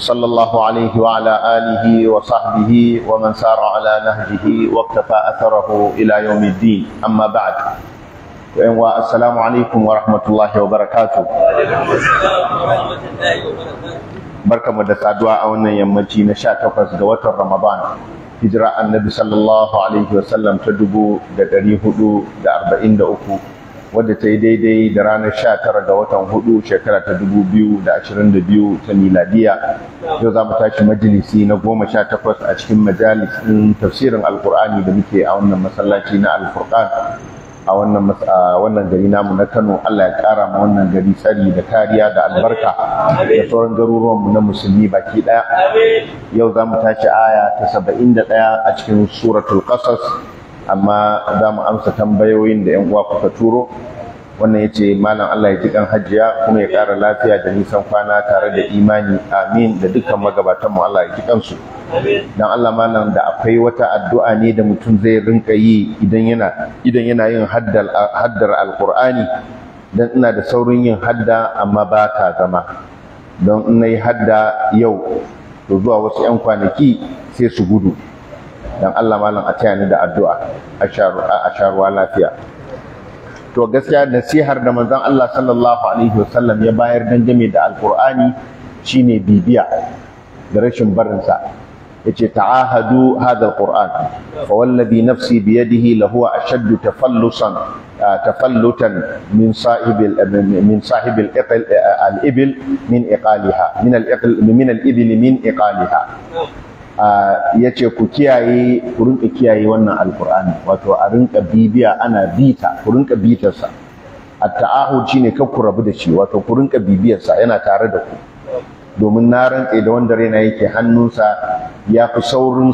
صلى الله عليه وعلى آله وصحبه ومن سار على نهجه واقتفى أثره إلى يوم الدين أما بعد السلام عليكم ورحمة الله وبركاته barka mu da saduwa a wannan yammaci na sha takwas ga watan Ramadan hijira annabi sallallahu alaihi wasallam ta dubu da ɗari hudu da arba'in da uku wadda ta yi daidai da ranar sha tara ga watan hudu shekara ta biyu ta miladiya yau za mu tashi majalisi na goma sha takwas a cikin majalisin ɗin tafsirin alkur'ani da muke a wannan masallaci na alkur'an a wannan wannan gari namu na Kano Allah ya kara ma wannan gari tsari da kariya da albarka da sauran garuruwan mu na musulmi baki daya yau za mu tashi aya ta saba'in da ɗaya a cikin suratul qasas amma za mu amsa tambayoyin da yan uwa kuka turo wannan ya ce malam Allah ya ji kan hajiya kuma ya ƙara lafiya da nisan kwana tare da imani amin da dukkan magabatanmu Allah ya ji kansu dan Allah malam da akwai wata addu'a ne da mutum zai rinka yi idan yana yin haddar haddar alqur'ani dan ina da saurin yin hadda amma ba ta zama don in nayi hadda yau to zuwa wasu 'yan kwanaki sai su gudu dan Allah malam a taya ni da addu'a a sharuwa lafiya to gaskiya nasihar da manzon Allah sallallahu alaihi wasallam ya bayar dan game da alqur'ani shine bibiya da rashin barinsa yace ta'ahadu hadha alquran fa wallazi nafsi biyadihi lahuwa ashadd tafallusan tafallutan min sahibil min sahibil al ibil min iqalha min al iqal min al ibil min iqalha ya ce ku kiyaye ku rinka kiyaye wannan alkur'ani wato a rinka bibiya ana bita ku rinka bitarsa a taahud shine kar ku rabu da shi wato ku rinka bibiyarsa yana tare da ku domin na rantse da wanda raina yake hannunsa ya fi saurin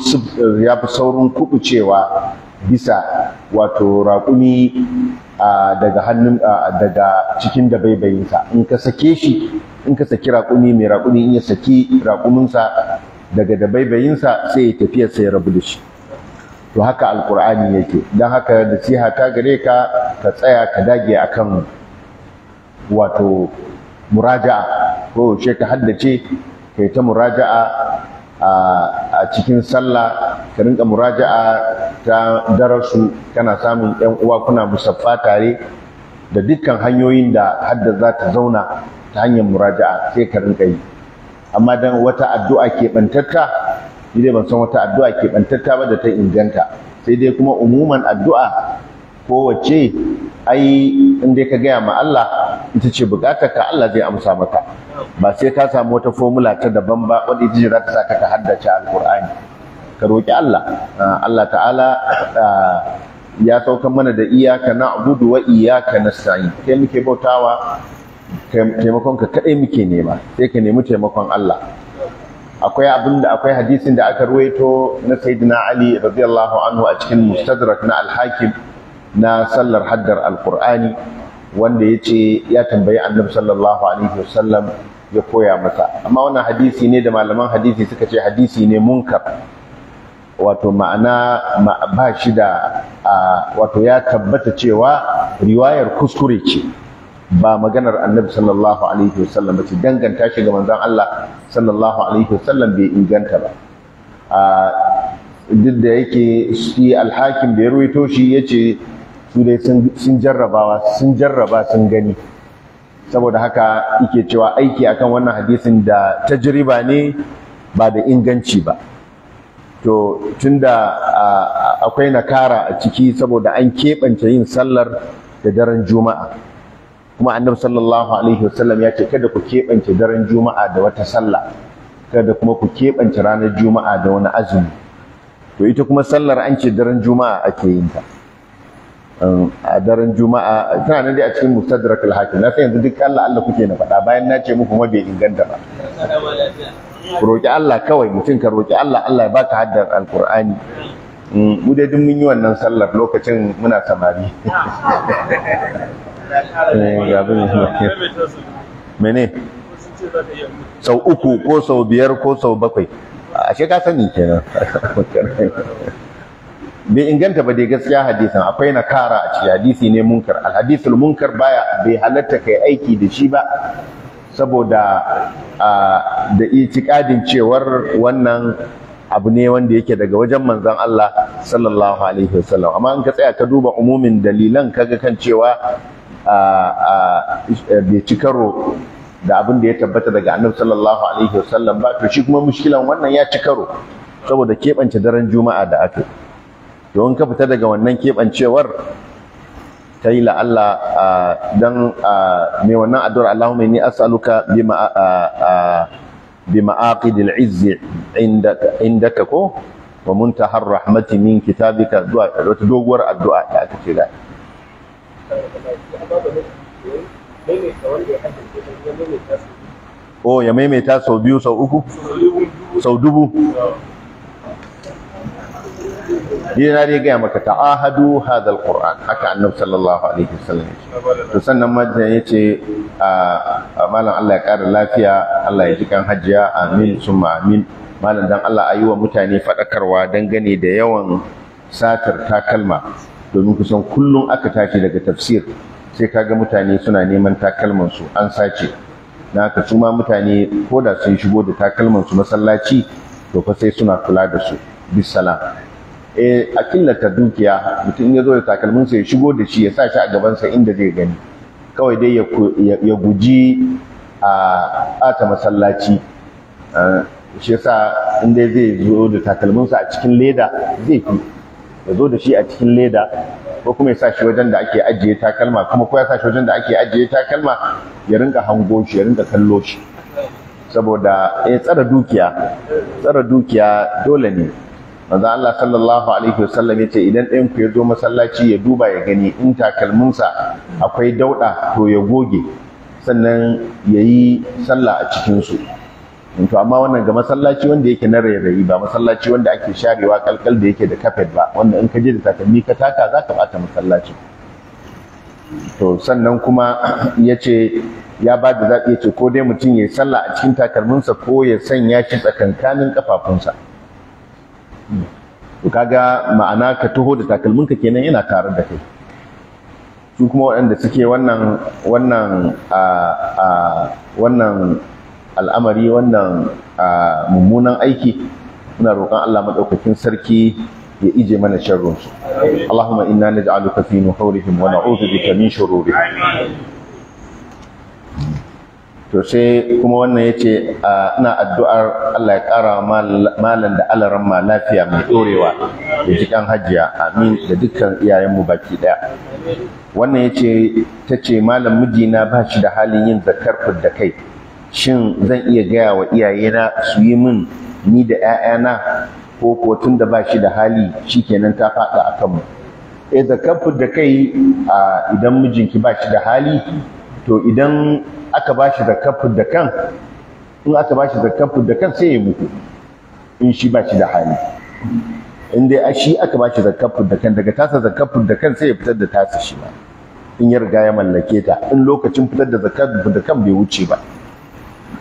ya fi kubucewa bisa wato raƙumi daga hannun daga cikin dabaibayinsa in ka sake shi in ka saki raƙumi mai raƙumi in ya saki raƙuminsa daga dabaibayinsa sai ya tafiya sai ya rabu da shi to haka alkur'ani yake don haka da siha ta gare ka ka tsaya ka dage akan wato muraja'a ko she ka haddace ka yi ta muraja'a a cikin sallah ka rinka muraja'a ta darasu kana samun yan uwa kuna musaffa tare da dukkan hanyoyin da hadda za ta zauna ta hanyar muraja'a sai ka rinka yi amma dan wata addu'a keɓantatta ni dai ban san wata addu'a keɓantatta ba da ta inganta sai dai kuma umuman addu'a kowace ai in dai ka gaya ma Allah ita ce bukatar ka Allah zai amsa maka ba sai ka samu wata formula ta daban ba wadda ita ce za ta saka ka haddace alkur'ani ka roƙi Allah ah, Allah ta'ala ah, ya sauka mana da iyaka na'budu wa iyaka nasta'in kai muke bautawa taimakon ka kadai muke nema sai ka nemi taimakon Allah akwai abin da akwai hadisin da aka ruwaito na sayyidina Ali radiyallahu anhu a cikin mustadrak na al-hakim na sallar haddar al-qur'ani wanda yace ya tambayi annabi sallallahu alaihi wasallam ya koya masa amma wannan hadisi ne da malaman hadisi suka ce hadisi ne munkar wato ma'ana ba shi da wato ya tabbata cewa riwayar kuskure ce ba maganar annabi sallallahu alaihi wasallam ba ce danganta shi ga manzon Allah sallallahu alaihi wasallam bai inganta ba a duk da yake shi alhakim da ya ruwaito shi ya ce su dai sun jarrabawa sun jarraba sun gani saboda haka yake cewa aiki akan wannan hadisin da tajriba ne ba da inganci ba to tunda akwai nakara a ciki saboda an keɓance yin sallar da daren juma'a kuma annabi sallallahu alaihi wasallam ya ce kada ku keɓance daren juma'a da wata sallah kada kuma ku keɓance ranar juma'a da wani azumi to ita kuma sallar an ce daren juma'a ake yin ta um, a daren juma'a tana nan dai a cikin mustadrak al-hakim na san yanzu duk Allah Allah kuke na faɗa bayan na ce muku ma bai inganta ba roƙi Allah kawai mutum ka roƙi Allah Allah ya baka haddar alƙur'ani mm, mu dai duk mun yi wannan sallar lokacin muna samari Eh, mene sau uku ko sau biyar ko sau bakwai a shi ka sani kenan bai inganta ba dai gaskiya hadisin akwai na kara a cikin hadisi ne munkar alhadisul munkar baya bai halatta kai aiki da shi ba saboda da itikadin cewar wannan abu ne wanda yake daga wajen manzon Allah sallallahu alaihi wasallam amma in ka tsaya ka duba umumin dalilan kaga kan cewa bai ci da abin da ya tabbata daga annabi sallallahu alaihi wasallam ba to shi kuma mushkilan wannan ya ci karo saboda keɓance daren juma'a da aka to in ka fita daga wannan keɓancewar ta yi la'alla don mai wannan addu'ar Allahumma inni as'aluka bima bima'aqidil izzi indaka indaka ko wa muntahar rahmati min kitabika wata doguwar addu'a da aka ce da Oh ya maimaita sau biyu sau uku sau dubu yana dai gaya maka ta'ahadu hadal qur'an haka annabi sallallahu alaihi wasallam to sannan majiya ce a ah, ah, malam Allah ya kara lafiya Allah ya ji kan hajiya amin summa amin malam dan Allah ayi wa mutane fadakarwa dangane da yawan satar takalma domin kusan kullum aka tashi daga tafsir sai kaga mutane suna neman takalmansu an sace na haka su mutane ko da sun shigo da takalmansu masallaci to fa sai suna kula da su bisalam e eh, a killata dukiya mutum ya zo da takalminsa ya shigo da shi ya sa shi a gabansa inda zai gani kawai dai ya guji a ata masallaci eh, shi yasa inda zai zo da takalminsa a cikin leda zai fi ya zo da shi a cikin leda ko kuma ya sa shi wajen da ake ajiye takalma kuma ko ya sa shi wajen da ake ajiye takalma ya rinka hango shi ya rinka kallo shi saboda ya eh, tsara dukiya tsara dukiya dole ne manzo Allah sallallahu alaihi wasallam yace idan ɗayan ku ya zo masallaci ya duba ya gani in takalminsa akwai dauɗa to ya goge sannan ya yi sallah a cikin su to amma wannan ga masallaci wanda yake na rairayi ba masallaci wanda ake sharewa kalkal da yake da kafet ba wanda in ka je da takalmi ka taka za ka bata masallaci to sannan kuma ya ce ya ba da zaɓi ya ce ko dai mutum ya yi sallah a cikin takalminsa ko ya sanya shi tsakankanin kafafunsa to kaga ma'ana ka taho da takalminka kenan yana tare da kai su kuma waɗanda suke wannan wannan a wannan al'amari wannan mummunan aiki muna roƙon Allah maɗaukakin sarki ya ije mana sharrin su Allahumma inna naj'aluka fi nuhurihim wa na'udhu bika min shururihim to sai kuma wannan yace ina addu'ar Allah ya ƙara malan da alaran ma lafiya mai ɗorewa da jikan hajiya amin da dukkan iyayenmu baki ɗaya wannan yace tace malam mijina ba shi da halin yin zakar da kai shin zan iya gaya wa iyayena su yi min ni da 'ya'yana ko ko tun da ba shi da hali shi kenan ta faɗa a kanmu eh da kafin da kai a idan mijinki ba shi da hali to idan aka ba shi da kafin da kan in aka ba shi da kafin da kan sai ya mutu in shi ba shi da hali in dai a shi aka ba shi da kafin da kan daga tasa da kafin da kan sai ya fitar da tasa shi ba in ya riga ya mallake ta in lokacin fitar da zakar da kan bai wuce ba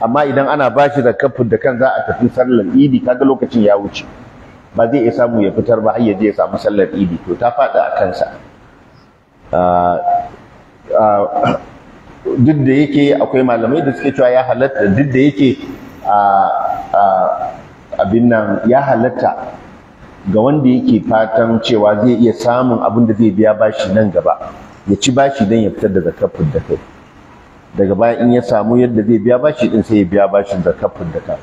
amma idan ana bashi da kafin da kan za a tafi sallar idi kaga lokacin ya wuce ba zai iya samu ya fitar ba har ya je ya samu sallar idi to ta faɗi a kansa ah, ah, duk da yake akwai malamai da suke cewa ya halatta duk da yake ah, abin nan ya halatta ga wanda yake fatan cewa zai iya samun abin da zai biya bashi nan gaba ya ci bashi don ya fitar da zakar da kai daga baya in ya samu yadda zai biya bashi din sai ya biya bashin da kafin da ka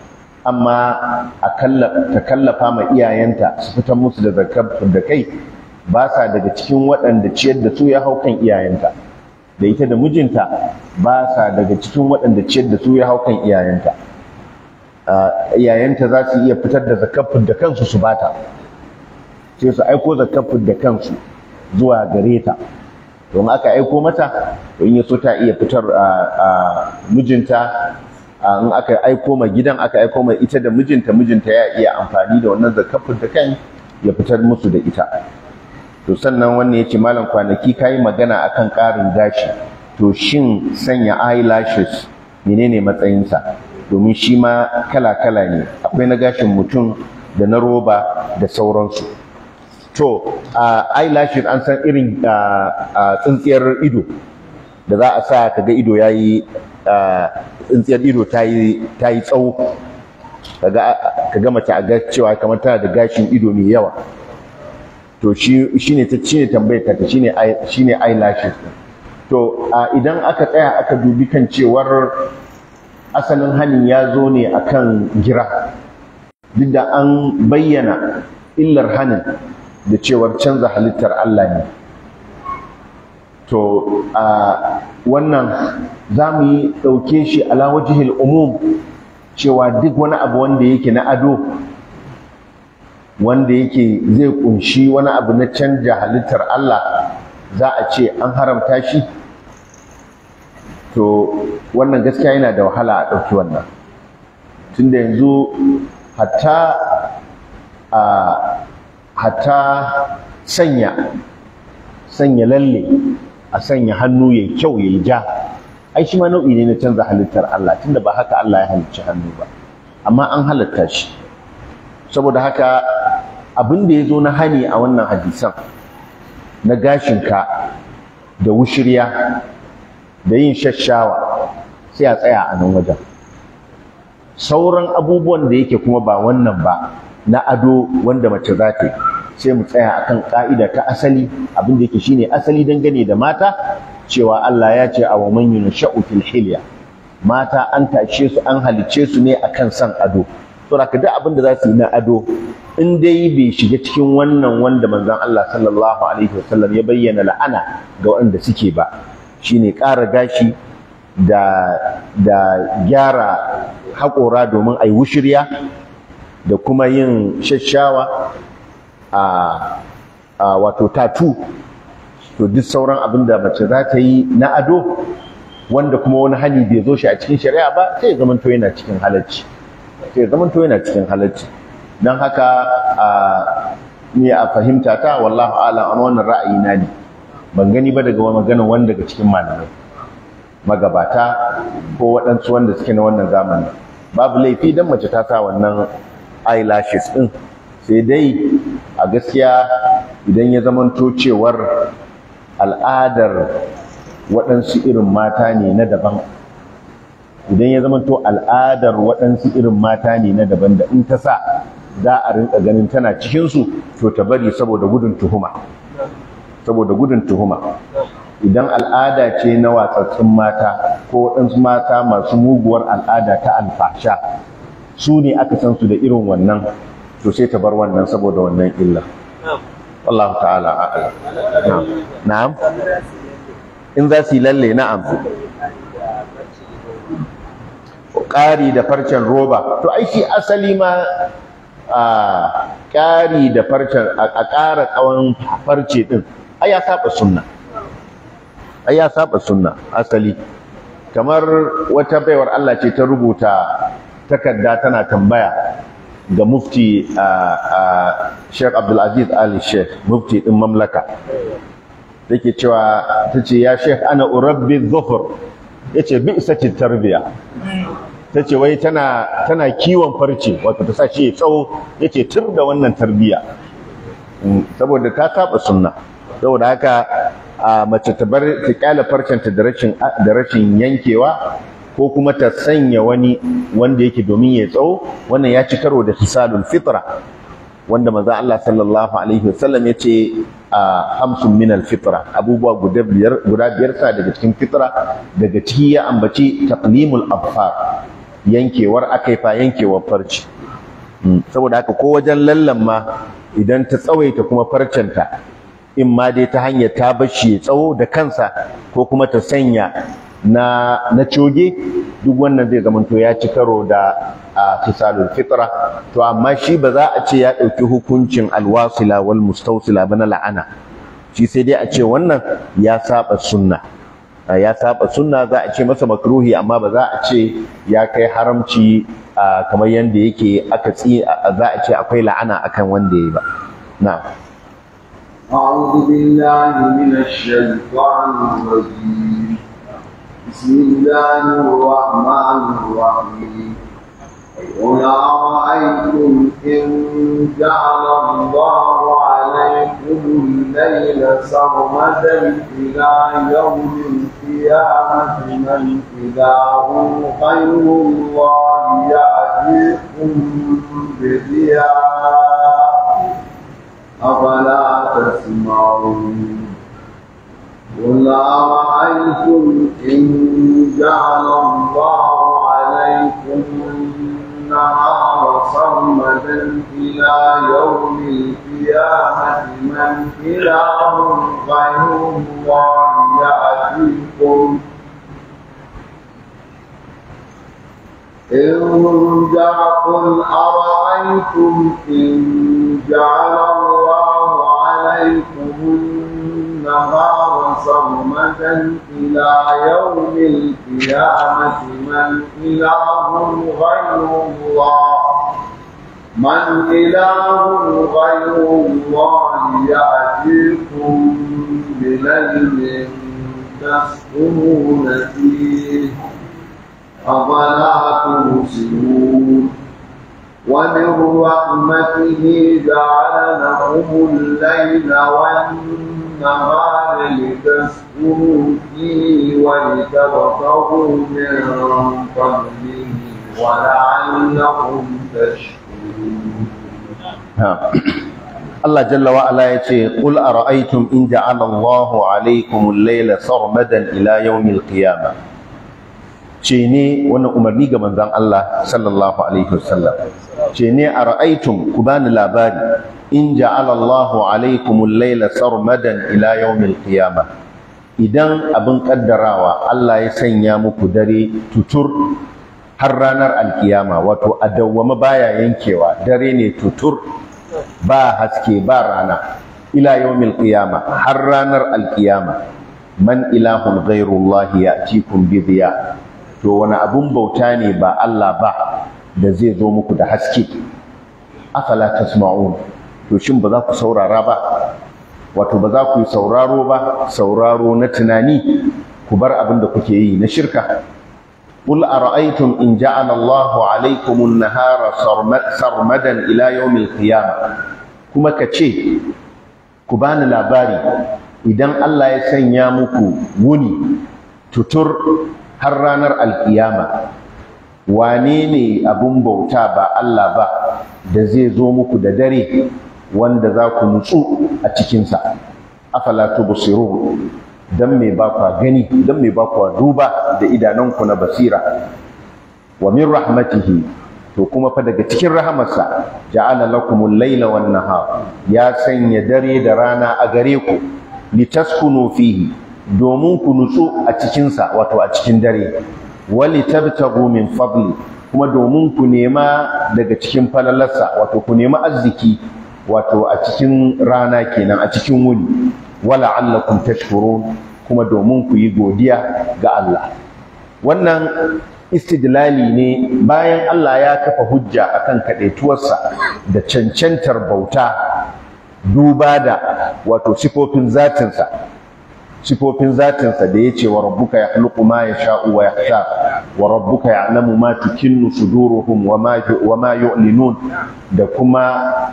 amma a ta kallafa ma iyayenta su fitar musu da zakar da kai ba sa daga cikin waɗanda ciyar da su ya hau kan iyayenta da ita da mijinta ba sa daga cikin waɗanda ciyar da su ya hau kan iyayenta iyayenta za su iya fitar da zakar da kansu su bata sai su aiko zakar da kansu zuwa gare ta domin aka aiko mata to in ya so ta iya fitar a mijinta in aka aiko ma gidan aka aiko ma ita da mijinta mijinta ya iya amfani da wannan zakafin da kan ya fitar musu da ita to sannan wannan ya ce malam kwanaki ka yi magana akan ƙarin gashi to shin sanya eyelashes menene matsayinsa domin shi ma kala-kala ne akwai na gashin mutum da na roba da sauransu to eyelashes an san irin tsintsiyar ido da za a sa ga ido tsintsiyar ido ta yi tsawo kaga mace a ga cewa kamar tana da gashin ido mai yawa to shi ne ta shine tambayar ta shi ne eyelashes to idan aka tsaya aka dubi kan cewar asalin hanin ya zo ne akan gira duk da an bayyana illar hanin da cewar canza halittar Allah ne to a wannan za mu yi ɗauke shi alawajihil umum cewa duk wani abu wanda yake na ado wanda yake zai kunshi wani abu na canja halittar Allah za a ce an haramta shi to wannan gaskiya yana da wahala a ɗauki wannan tunda yanzu hatta a hatta sanya sanya lalle a sanya hannu ya kyau ya ja ai shi ma nau'i ne na canza halittar Allah tunda ba haka Allah ya halicci hannu ba amma an halatta shi saboda haka abin da ya zo na hani a wannan hadisan na gashinka da wushirya da yin shashawa sai a tsaya a nan wajen sauran abubuwan da yake kuma ba wannan ba na ado wanda mace za ta yi sai mu tsaya akan ka'ida ta asali abin da yake shine asali dangane da mata cewa Allah ya ce a wa manyan sha'u fil hilya mata an tashe su an halice su ne akan san ado to da duk abin da za su yi na ado in dai bai shiga cikin wannan wanda manzon Allah sallallahu alaihi wasallam ya bayyana la'ana ga wanda suke ba shine ƙara gashi da da gyara haƙora domin a yi wushirya da kuma yin shashawa a wato tatu to duk sauran abin da mace za ta yi na ado wanda kuma wani hali bai zo shi a cikin shari'a ba sai ya zamanto yana cikin halacci sai ya zamanto yana cikin halacci don haka a ni a fahimta ta wallahu ala an wannan ra'ayi na ne ban gani ba daga wani magana wanda daga cikin malamai magabata ko waɗansu wanda suke na wannan zamani. babu laifi don mace ta sa wannan eyelashes ɗin sai dai a gaskiya idan ya zamanto cewar al'adar waɗansu irin mata ne na daban idan ya zamanto al'adar waɗansu irin mata ne na daban da in ta sa za a rinka ganin tana cikinsu to ta bari saboda gudun tuhuma saboda gudun tuhuma idan al'ada ce na watsattun mata ko waɗansu mata masu muguwar al'ada ta alfasha su ne aka san su da irin wannan to sai ta bar wannan saboda wannan illa Allah ta'ala a'ala na'am in za su yi lalle na'am ƙari da farcen roba to ai shi asali ma a ƙari da farcen a ƙara tsawon farce ɗin ai ya saba sunna ai ya saba sunna asali kamar wata baiwar Allah ce ta rubuta takarda tana tambaya ga mufti a uh, uh, Sheikh Abdulaziz Ali Sheikh mufti din mamlaka take cewa tace ya Sheikh ana urabbi dhuhr yace bi isati tarbiya tace wai tana tana kiwon farce wato ta sa shi ya tsawo yace tun da wannan tarbiya mm, saboda ta saba sunna saboda haka a uh, mace ta bar ta kyala farcenta da rashin yankewa ko kuma ta sanya wani wanda yake domin ya tsawo wannan ya ci karo da fisalul fitra wanda maza Allah sallallahu alaihi wasallam ya ce a hamsin minal fitra abubuwa guda biyar guda sa daga cikin fitra daga ciki ya ambaci taqlimul abfar yankewar akaifa yankewar farci hmm. saboda haka ko wajen lallan ma idan ta tsawaita kuma farcenta in ma dai ta hanyar ta bashi ya tsawo da kansa ko kuma ta sanya na na coge duk wannan zai zamanto ya ci karo da fisalul fitra to amma shi ba za a ce ya ɗauki hukuncin alwasila wal mustausila ba na la'ana shi sai dai a ce wannan ya saba sunna ya saba sunna za a ce masa makruhi amma ba za a ce ya kai haramci kamar yadda yake aka tsi za a ce akwai la'ana akan wanda ya ba na'am أعوذ بالله من الشيطان الرجيم بسم الله الرحمن الرحيم قل أرأيتم إن جعل الله عليكم الليل سرمدا إلى يوم القيامة من إله غير الله يأتيكم بضياء أفلا تسمعون قل أرأيتم إن جعل الله عليكم النهار صمدا إلى يوم القيامة من إله غير الله يأتيكم إن قل أرأيتم إن جعل الله نهارا صومة إلى يوم القيامة من إله غير الله من إله غير الله يأتيكم بليل تسكنون فيه أفلا تبصرون ومن رحمته جعل لكم الليل والنهار إنما لتسكنوا فيه ولتبتغوا من فضله ولعلكم تشكرون Allah Jalla wa’ala ya ce, Ƙul a ra’aitun in ji Allahnahu alaikun laila sarmadan ila yau mil ƙiyama. Ce ne wani umarni ga manzan Allah sallallahu Alaihi wasallam. Ce ne a ra’aitun ku bani labari, in ja'alallahu Allahu alaikumul laila sarmadan ila yawmil qiyamah idan abin kaddarawa Allah ya sanya muku dare tutur har ranar alkiyama wato a dauwama baya yankewa dare ne tutur ba haske ba rana ila yawmil qiyama har ranar alkiyama man ilahun ghairullah ya'tikum bi to wani abun bauta ne ba Allah ba da zai zo muku da haske afala tasma'un to shin ba za ku saurara ba wato ba za ku yi sauraro ba sauraro na tunani ku bar abin da kuke yi na shirka قل أرأيتم إن جعل الله عليكم النهار سرمدا إلى يوم القيامة كما ku bani labari idan Allah ya sanya muku wuni tutur har ranar alƙiyama. wane ne abun bauta ba Allah ba da zai zo muku da dare wanda za ku nutsu a cikinsa afala tubsirun dan me ba kwa gani dan me ba kwa duba da idananku na basira wa min rahmatihi to kuma fa daga cikin rahamarsa ja'ala lakumul laila wan nahar ya sanya dare da rana a gare ku litaskunu fihi domin ku nutsu a cikinsa wato a cikin dare wali tabtagu min fadli kuma domin ku nema daga cikin falalarsa wato ku nema arziki wato a cikin rana kenan a cikin wuni wala allakum tashkurun kuma domin ku yi godiya ga Allah wannan istidlali ne bayan Allah ya kafa hujja akan kadaituwarsa da cancantar bauta duba da wato sifofin zatinsa sifofin zatinsa da ya ce wa rabbuka ya halittu ma ya sha'u wa ya ta wa rabbuka ya alamu ma nusu duruhun wa ma yu'linun da kuma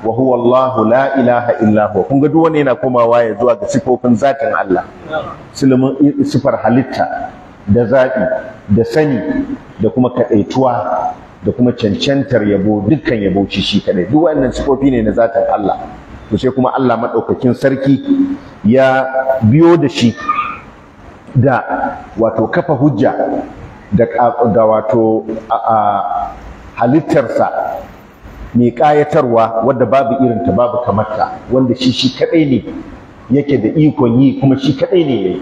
wa huwa Allahu la ilaha illahu. kun ga duwane wani yana komawa ya zuwa ga sifofin zatin Allah sifar halitta da zaɓi da sani da kuma kaɗaituwa da kuma cancantar yabo dukkan yabo shi kaɗai duk sifofi ne na zatin Allah to sai kuma Allah maɗaukakin sarki ya biyo da shi da wato kafa hujja da, da wato halittarsa mai ƙayatarwa wadda babu irinta babu kamarta wanda shi shi kaɗai ne yake da ikon yi kuma shi kaɗai ne yayi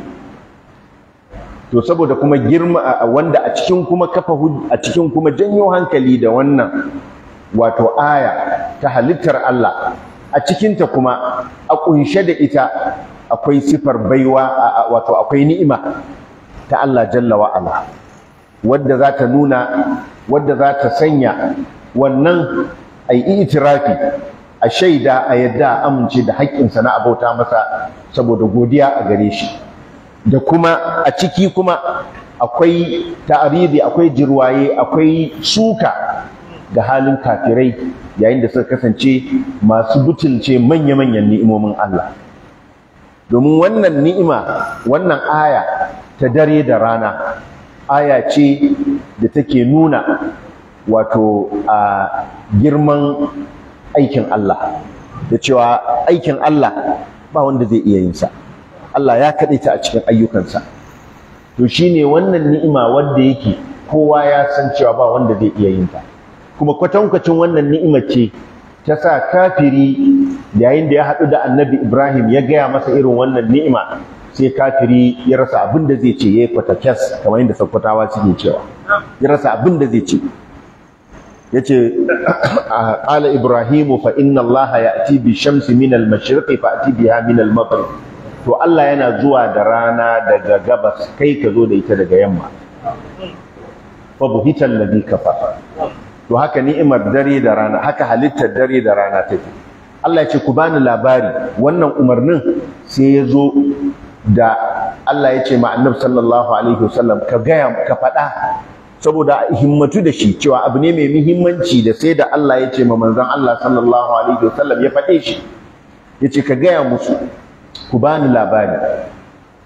to saboda kuma girma wanda a cikin kuma kafa a cikin kuma janyo hankali da wannan wato aya ta halittar Allah a cikinta kuma a kunshe da ita akwai sifar baiwa wato akwai ni'ima ta Allah jalla wa ala wadda za ta nuna wadda za ta sanya wannan ai itirafi a shaida a yadda amince da haƙƙinsa na abauta masa saboda godiya a gare shi da kuma a ciki kuma akwai ta'aridi akwai jirwaye akwai shuka ga halin kafirai yayin da suka kasance masu butulce manya-manyan ni'imomin Allah domin wannan ni'ima wannan aya ta dare da rana aya ce da take nuna wato a girman aikin Allah da cewa aikin Allah ba wanda zai iya yin Allah ya kaɗaita a cikin ayyukansa to shine wannan ni'ima wanda yake kowa ya san cewa ba wanda zai iya yin ta kuma kwatankwacin wannan ni'ima ce ta sa kafiri yayin da ya haɗu da annabi ibrahim ya gaya masa irin wannan ni'ima sai kafiri ya rasa abin da zai ce ya yi kwatakyas kamar yadda sakkwatawa suke cewa ya rasa abin da zai ce ya ce a ah, ala ibrahimu fa inna allaha ya ati bi shamsi minal al mashriqi fa ati biha min al to allah yana zuwa da rana daga gabas kai ka zo da ita daga yamma fa buhita alladhi kafara to haka ni'imar dare da rana haka halittar dare da rana take Allah ya ce ku bani labari wannan umarnin sai ya zo da Allah ya ce ma annabi sallallahu alaihi wasallam ka gaya ka faɗa saboda himmatu da shi cewa abu ne mai muhimmanci da sai da Allah ya ce ma manzon Allah sallallahu alaihi wasallam ya faɗe shi ya ce ka gaya musu ku bani labari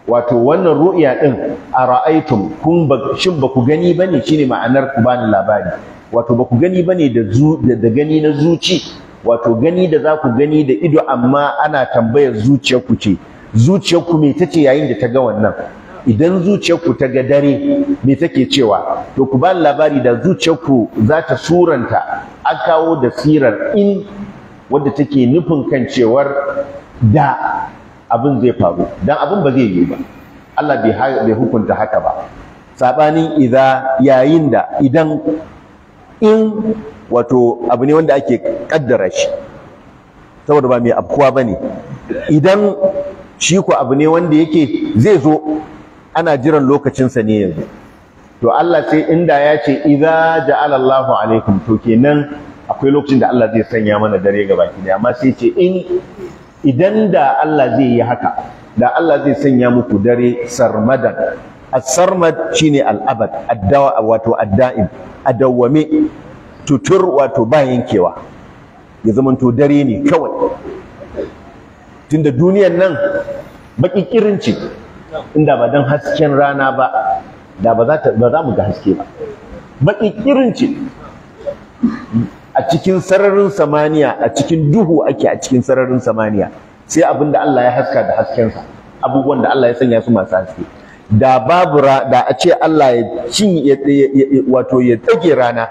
wato wannan ru'ya din ra'aitum kun ba shin ba ku gani bane shine ma'anar ku bani labari wato ba ku gani bane da da gani na zuci wato gani da za ku gani da ido amma ana tambayar zuciyarku ce zuciyarku me tace yayin da ta ga wannan idan zuciyarku ta ga dare me take cewa to ku bani labari da zuciyarku za ta suranta an kawo da sirar in wadda take nufin kan cewar da abin zai faru dan abin ba zai yi ba Allah bai hukunta haka ba sabanin idza yayin da idan in wato abu ne wanda ake kaddara shi saboda ba mai afkuwa ne, idan shi ku abu ne wanda yake zai zo ana jiran lokacinsa ne yanzu to Allah sai inda ya ce idza ja'ala Allahu alaikum to kenan akwai lokacin da Allah zai sanya mana dare ga baki amma sai ce in idan da Allah zai yi haka da Allah zai sanya muku dare sarmadan as-sarmad shine al-abad addawa wato addaim adawame tutur wato ba yankewa ya to dare ne kawai tunda duniyar nan baki kirinci inda ba dan hasken rana ba da ba za mu ga haske ba baki kirinci a cikin sararin samaniya a cikin duhu ake a cikin sararin samaniya sai abin da Allah ya haska da hasken sa, abubuwan da Allah ya sanya su masu haske da babu da a ce Allah ya cin wato ya tsage rana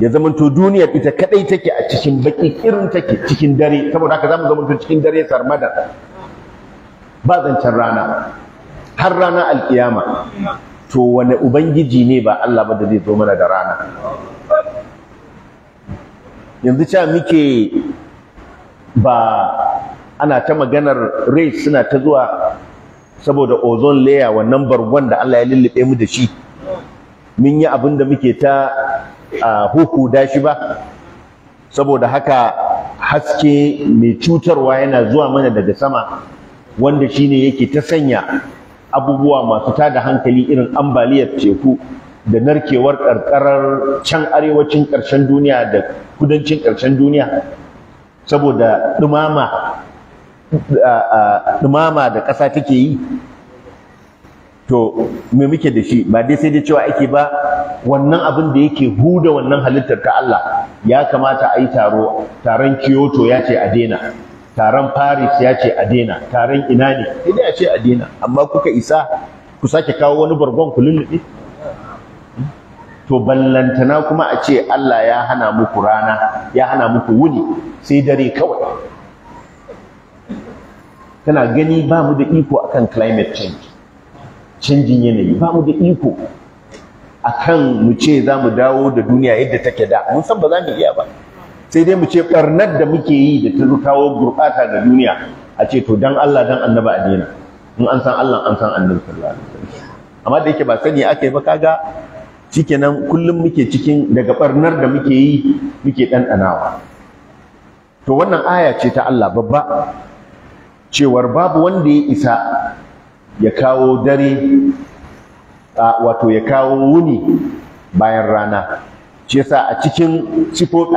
ya zamanto duniyar ita kadai take a cikin baki irin take cikin dare saboda haka zamu zamanto cikin dare sarmada ba zancen rana har rana alkiyama to wani ubangiji ne ba Allah ba da zai zo mana da rana yanzu ca muke ba ana ta maganar rai suna ta zuwa saboda ozone layer wannan bargon da Allah ya lullube mu da shi mun yi abin da muke ta huku da shi ba saboda haka haske mai cutarwa yana zuwa mana daga sama wanda shine yake ta sanya abubuwa masu tada hankali irin ambaliyar teku da narkewar karkarar can arewacin ƙarshen duniya da kudancin ƙarshen duniya saboda ɗumama da ƙasa take yi to me muke da shi ba dai sai dai cewa ake ba wannan abin da yake huda wannan halittar ta Allah ya kamata a yi taro taron Kyoto ya ce a daina taron Paris ya ce a daina taron ina ne sai ce a daina amma kuka isa ku sake kawo wani bargon ku lulluɓe to ballantana kuma a ce Allah ya hana muku rana ya hana muku wuni sai dare kawai kana gani ba mu da iko akan climate change canjin yanayi ba mu da iko akan mu ce za mu dawo da duniya yadda take da mun san ba za mu iya ba sai dai mu ce barnar da muke yi da ta kawo gurɓata ga duniya a ce to dan Allah dan annaba a in an san Allah an san annabi sallallahu alaihi wasallam amma da yake ba sani aka yi ba kaga nan kullum muke cikin daga barnar da muke yi muke ɗanɗanawa to wannan aya ce ta Allah babba cewar babu wanda ya isa ya kawo dare wato ya kawo wuni bayan rana ce sa a cikin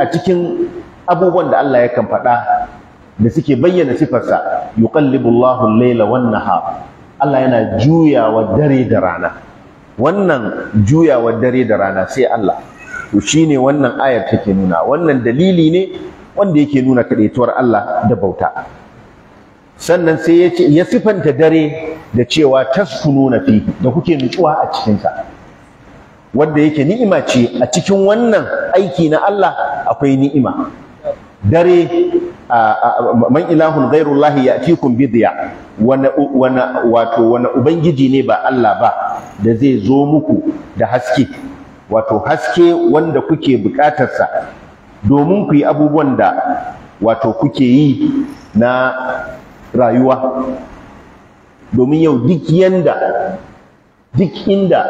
a cikin abubuwan da Allah yakan faɗa da suke bayyana sifarsa yuqallibullahu al-laila wan nahar Allah yana juyawa dare da rana wannan juyawar dare da rana sai Allah to shine wannan ayar take nuna wannan dalili ne wanda yake nuna kadaituwar Allah da bauta sannan sai ya ce ya sifanta dare da cewa nuna fi da kuke nutsuwa a cikin sa wanda yake ni'ima ce a cikin wannan aiki na Allah akwai ni'ima dare man ilahun ghairullahi ya'tikum bi dhiya wato wani ubangiji ne ba Allah ba da zai zo muku da haske wato haske wanda kuke buƙatarsa domin ku yi abubuwan da wato kuke yi na rayuwa domin yau duk yanda duk inda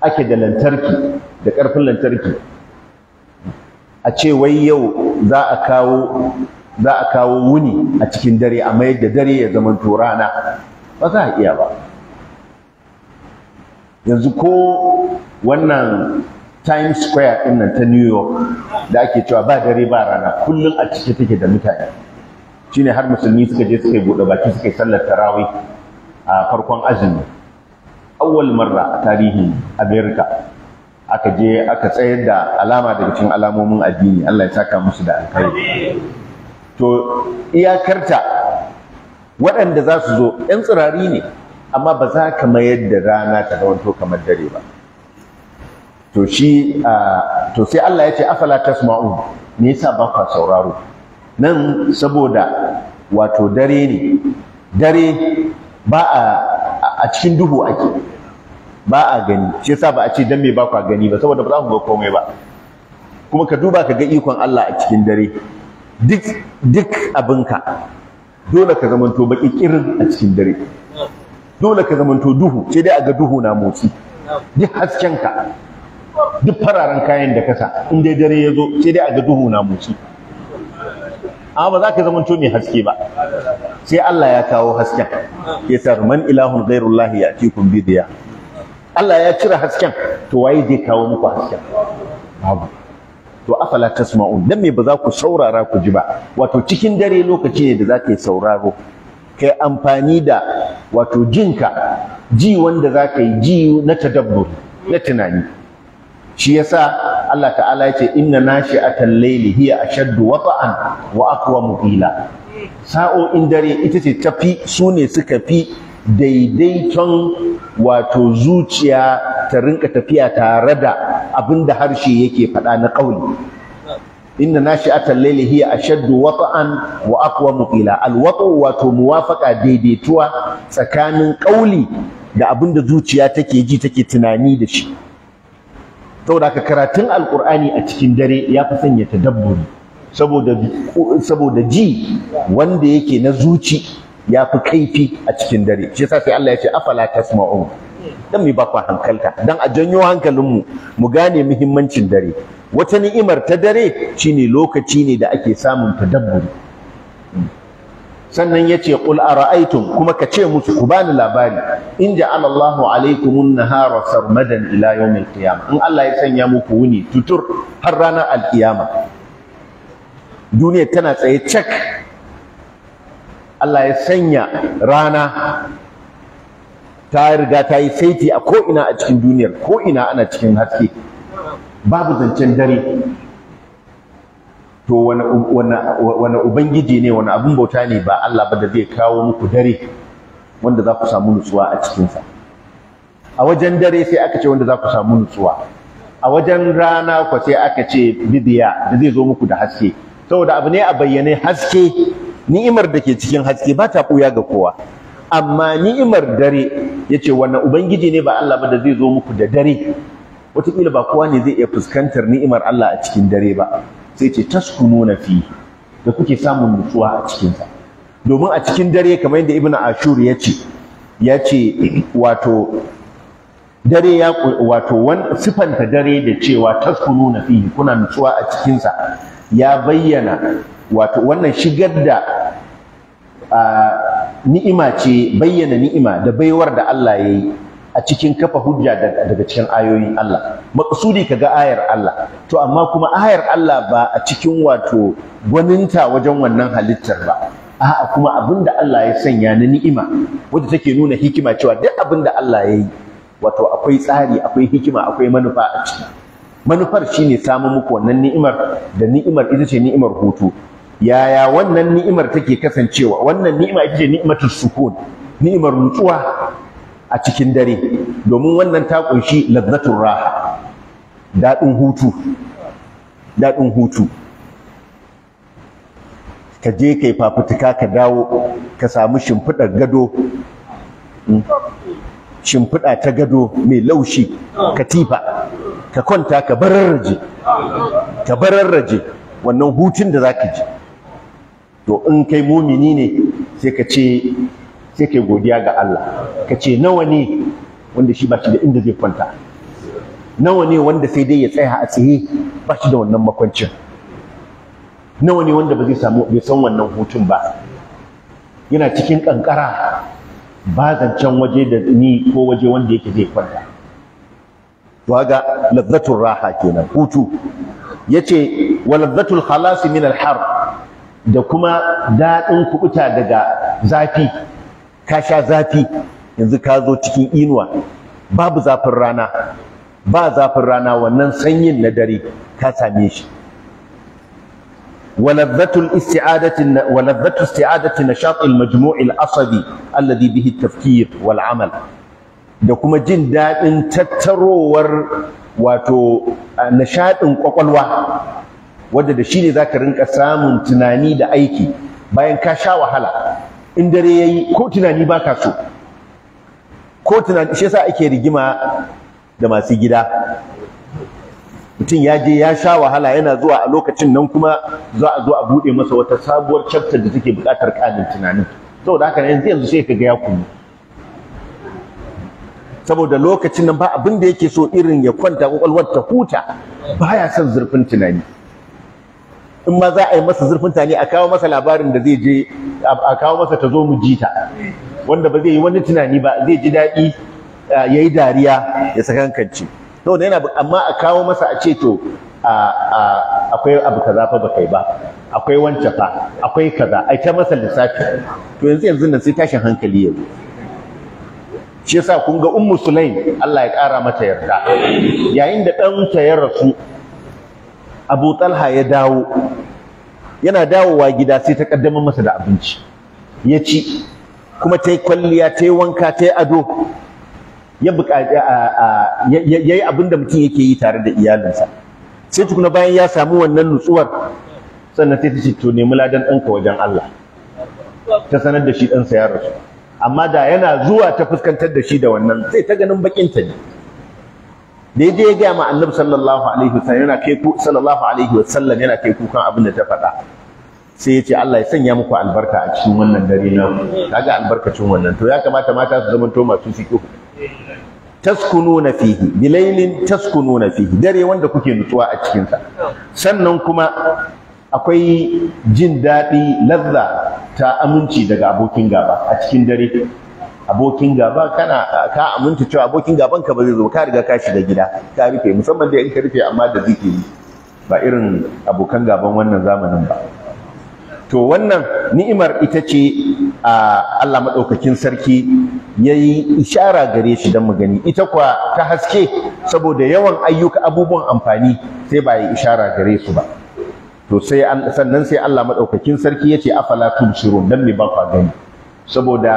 ake da lantarki da ƙarfin lantarki a ce wai yau za a kawo za a kawo wuni a cikin dare a mayar da dare ya zama rana ba za a iya ba yanzu ko wannan Times Square din nan ta New York da ake cewa ba dare ba rana kullum a cike take da mutane shine har musulmi suka je suka yi buɗe baki suka yi sallar tarawih a farkon azumi awwal marra a tarihin America aka je aka tsayar da alama daga cikin alamomin addini Allah ya saka musu da alkhairi to iyakarta waɗanda za su zo 'yan tsirari ne amma ba za ka mayar da rana ta zawanto kamar dare ba to shi to sai Allah ya ce afala tasma'u me yasa ba ka sauraro nan saboda wato dare ne dare ba a cikin duhu ake ba a gani shi yasa ba a ce dan me ba ka gani ba saboda ba za ku ga komai ba kuma ka duba ka ga ikon Allah a cikin dare duk duk abinka dole ka zamanto baki kirin a cikin dare dole ka zamanto duhu sai dai a ga duhu na motsi duk haskenka duk fararen kayan da kasa in dai dare ya zo sai dai a ga duhu na motsi amma ba za ka zamanto mai haske ba sai Allah ya kawo hasken ya sa man ilahun ghairullahi kun bidiya Allah ya cire hasken to waye zai kawo muku hasken babu to afala tasma'un dan me ba za ku saurara ku ji ba wato cikin dare lokaci ne da za ka yi sauraro kai amfani da wato jinka ji wanda za ka yi ji na tadabbur na tunani shi yasa Allah ta'ala ya ce inna a layli hiya ashaddu wata'an wa aqwamu qila sa'o'in dare ita ce tafi su ne suka fi daidaiton wato zuciya ta rinka tafiya tare da Abin da harshe yake faɗa na ƙauli inna nashi'atal layli hiya ashaddu wata'an wa aqwamu qila alwatu wato muwafaqa daidaituwa tsakanin ƙauli da da zuciya take ji take tunani da shi saboda ka karatun alqur'ani a cikin dare ya fi sanya tadabburi saboda saboda ji wanda yake na zuci ya fi kaifi a cikin dare shi yasa sai Allah ya ce afala tasma'un dan mu ba ku hankalta dan a janyo hankalinmu mu gane muhimmancin dare wata ni'imar ta dare shine lokaci ne da ake samun tadabburi sannan yace qul ara'aytum kuma ka ce musu ku bani labari in ja'ala Allahu alaykumun nahara sarmadan ila yawmil qiyamah in Allah ya sanya muku wuni tutur har ranar alkiyama duniya tana tsaye cak Allah ya sanya rana ta riga ta yi saiti a ko'ina a cikin duniyar ko'ina ana cikin haske babu zancen dare to wani ubangiji ne wani abin bauta ne ba Allah ba da zai kawo muku dare wanda za ku samu nutsuwa a cikinsa a wajen dare sai aka ce wanda za ku samu nutsuwa a wajen rana ku sai aka ce bibiya da zai zo muku da haske saboda abu ne a bayyane haske ni'imar da ke cikin haske ba ta ɓuya ga kowa amma ni'imar dare yace wannan ubangiji ne ba Allah ba da zai zo muku da dare wataƙila ba kowa ne zai iya fuskantar ni'imar Allah a cikin dare ba sai ce taskununa fi da kuke samun nutsuwa a cikin domin a cikin dare kamar yadda ibnu ashur ya ce wato dare ya wato wan sifanta dare da cewa taskununa fi kuna nutsuwa a cikinsa ya bayyana wato wannan shigar da ni'ima ce bayyana ni'ima da baiwar da Allah ya yi a cikin kafa hujja daga cikin ayoyin Allah ka ga ayar Allah to amma kuma ayar Allah ba a cikin wato gwaninta wajen wannan halittar ba a'a kuma abinda Allah ya sanya na ni'ima wadda take nuna hikima cewa duk abin da Allah ya yi wato akwai tsari akwai hikima akwai manufa a ciki manufar shine samu muku wannan ni'imar da ni'imar ita ce ni'imar hutu yaya wannan ni'imar take kasancewa wannan ni'ima ita ce ni'imatul sukun ni'imar nutsuwa a cikin dare domin wannan ta kunshi ladzatul raha dadin hutu dadin hutu ka je kai fafutuka ka dawo ka samu shimfiɗar gado hmm, shimfiɗa ta gado mai laushi katifa ka kwanta ka bararraje ka bararraje wannan hutun da zaka ji to in kai mumini ne sai ka ce sai kai godiya ga Allah ka ce nawa ne wanda shi ba shi da inda zai kwanta nawa ne wanda sai dai ya tsaya a tsaye ba shi da wannan makwancin nawa ne wanda ba zai samu bai san wannan hutun ba yana cikin kankara ba zancen waje da ni ko waje wanda yake zai kwanta to ga lazzatul raha kenan hutu yace wa lazzatul khalas min al har da kuma daɗin kuɓuta daga zafi ka sha zafi yanzu ka zo cikin inuwa babu zafin rana ba zafin rana wannan sanyin na dare ka same shi ولذة الاستعادة ولذة استعادة نشاط المجموع العصبي الذي به da kuma jin daɗin tattarowar wato nishaɗin ƙwaƙwalwa wadda da shi ne za ka rinka samun tunani da aiki bayan ka sha wahala in dare ya yi ko tunani ba so ko tunani shi yasa ake rigima da masu gida mutum ya je ya sha wahala yana zuwa a lokacin nan kuma za a zo a buɗe masa wata sabuwar chapter da take buƙatar ƙarin tunanin saboda haka yanzu yanzu sai ka ga ya kunu saboda lokacin nan ba abin da yake so irin ya kwanta kwakwalwar ta huta baya son zurfin tunani in ma za a yi masa zurfin tani a kawo masa labarin da zai je a kawo masa ta zo mu ji ta wanda ba zai yi wani tunani ba zai ji daɗi ya yi dariya ya sakankance to yana amma a kawo masa a ce to akwai abu ka zafa ba kai ba akwai wance fa akwai kaza a ta masa lissafi to yanzu yanzu nan sai tashin hankali ya zo shi yasa kun ga ummu sulaim Allah ya ƙara mata yarda yayin da ɗanta ya rasu Abu Talha ya dawo yana dawowa gida sai ta kaddamar masa da abinci ya ci kuma ta yi kwalliya ta yi wanka ta yi ado ya yi abin da mutum yake yi tare da iyalinsa sai tukuna bayan ya samu wannan nutsuwar sannan sai ta ce to nemi ladan ɗanka wajen Allah ta sanar da shi ɗansa ya rasu amma da yana zuwa ta fuskantar da shi da wannan sai ta ganin bakinta ne Daidai ya gaya ma annabi sallallahu alaihi wasallam yana kai ku sallallahu alaihi wasallam yana kai kan abin da ta faɗa sai ya ce Allah ya sanya muku albarka a cikin wannan dare na kaga albarkacin wannan to ya kamata mata su zama to masu fiqh taskununa fihi bilailin taskununa fihi dare wanda kuke nutsuwa a cikinsa. sannan kuma akwai jin daɗi lazza ta aminci daga abokin gaba a cikin dare abokin gaba kana ka aminta cewa abokin gaban ka ba zai zo ka riga ka shiga gida ka rufe musamman da in ka rufe amma da zikiri ba irin abokan gaban wannan zamanin ba to wannan ni'imar ita ce a Allah madaukakin sarki yayi ishara gare shi dan mu gani ita kwa ta haske saboda yawan ayyuka abubuwan amfani sai ba yi ishara gare su ba to sai sannan sai Allah madaukakin sarki ya yace afala tubsirun dan me ba ka gani saboda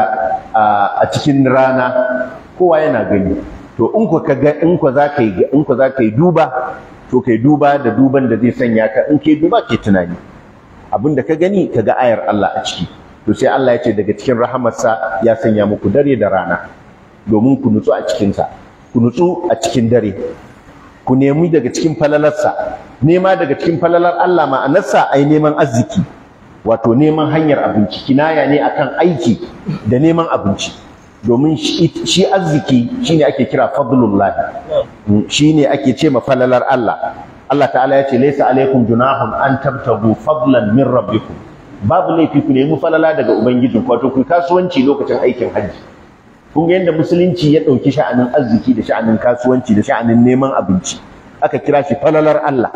a cikin rana kowa yana gani to in ku kaga in ku za ka in ku za ka duba to kai duba da duban da zai sanya ka in kai duba ke tunani abin da ka gani ka ga ayar Allah a ciki to sai Allah ya ce daga cikin rahamarsa ya sanya muku dare da rana domin ku nutsu a cikinsa ku nutsu a cikin dare ku nemi daga cikin falalarsa nema daga cikin falalar Allah ma'anarsa ai neman arziki wato neman hanyar abinci kinaya ne akan aiki da neman abinci domin shi arziki shine ake kira fadlullahi mm, shine ake ce ma falalar Allah Allah ta'ala ya ce laysa alaikum junahun an tabtagu fadlan min rabbikum babu laifi ku nemi falala daga ubangijin wato ku kasuwanci lokacin aikin hajji kun ga yadda musulunci ya ɗauki sha'anin arziki da sha'anin kasuwanci da sha'anin neman abinci aka kira shi falalar Allah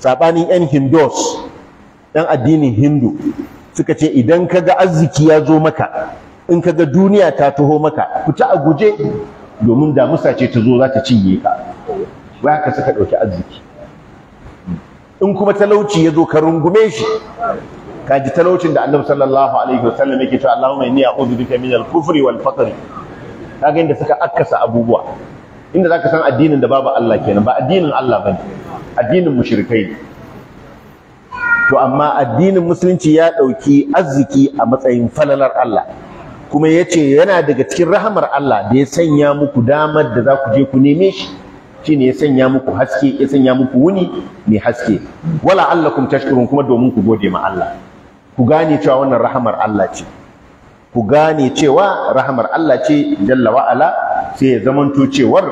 sabanin yan hindos ɗan addinin hindu suka ce idan kaga arziki ya zo maka in kaga duniya ta taho maka fita a guje domin damusa ce ta zo za ta cinye ka wai haka suka ɗauki arziki in kuma talauci ya zo ka rungume shi kaji talaucin da annabi sallallahu alaihi wasallam yake cewa Allahumma inni a'udhu bika min al-kufri wal faqr kaga inda suka akkasa abubuwa inda zaka san addinin da babu Allah kenan ba addinin Allah bane addinin mushrikai to amma addinin musulunci ya ɗauki arziki a matsayin falalar Allah kuma ya ce yana daga cikin rahamar Allah da ya sanya muku damar da za ku je ku neme shi shi ya sanya muku haske ya sanya muku wuni mai haske wala allakum tashkurun kuma domin ku gode ma Allah ku gane cewa wannan rahamar Allah ce ku gane cewa rahamar Allah ce jalla wa ala sai ya zamanto cewar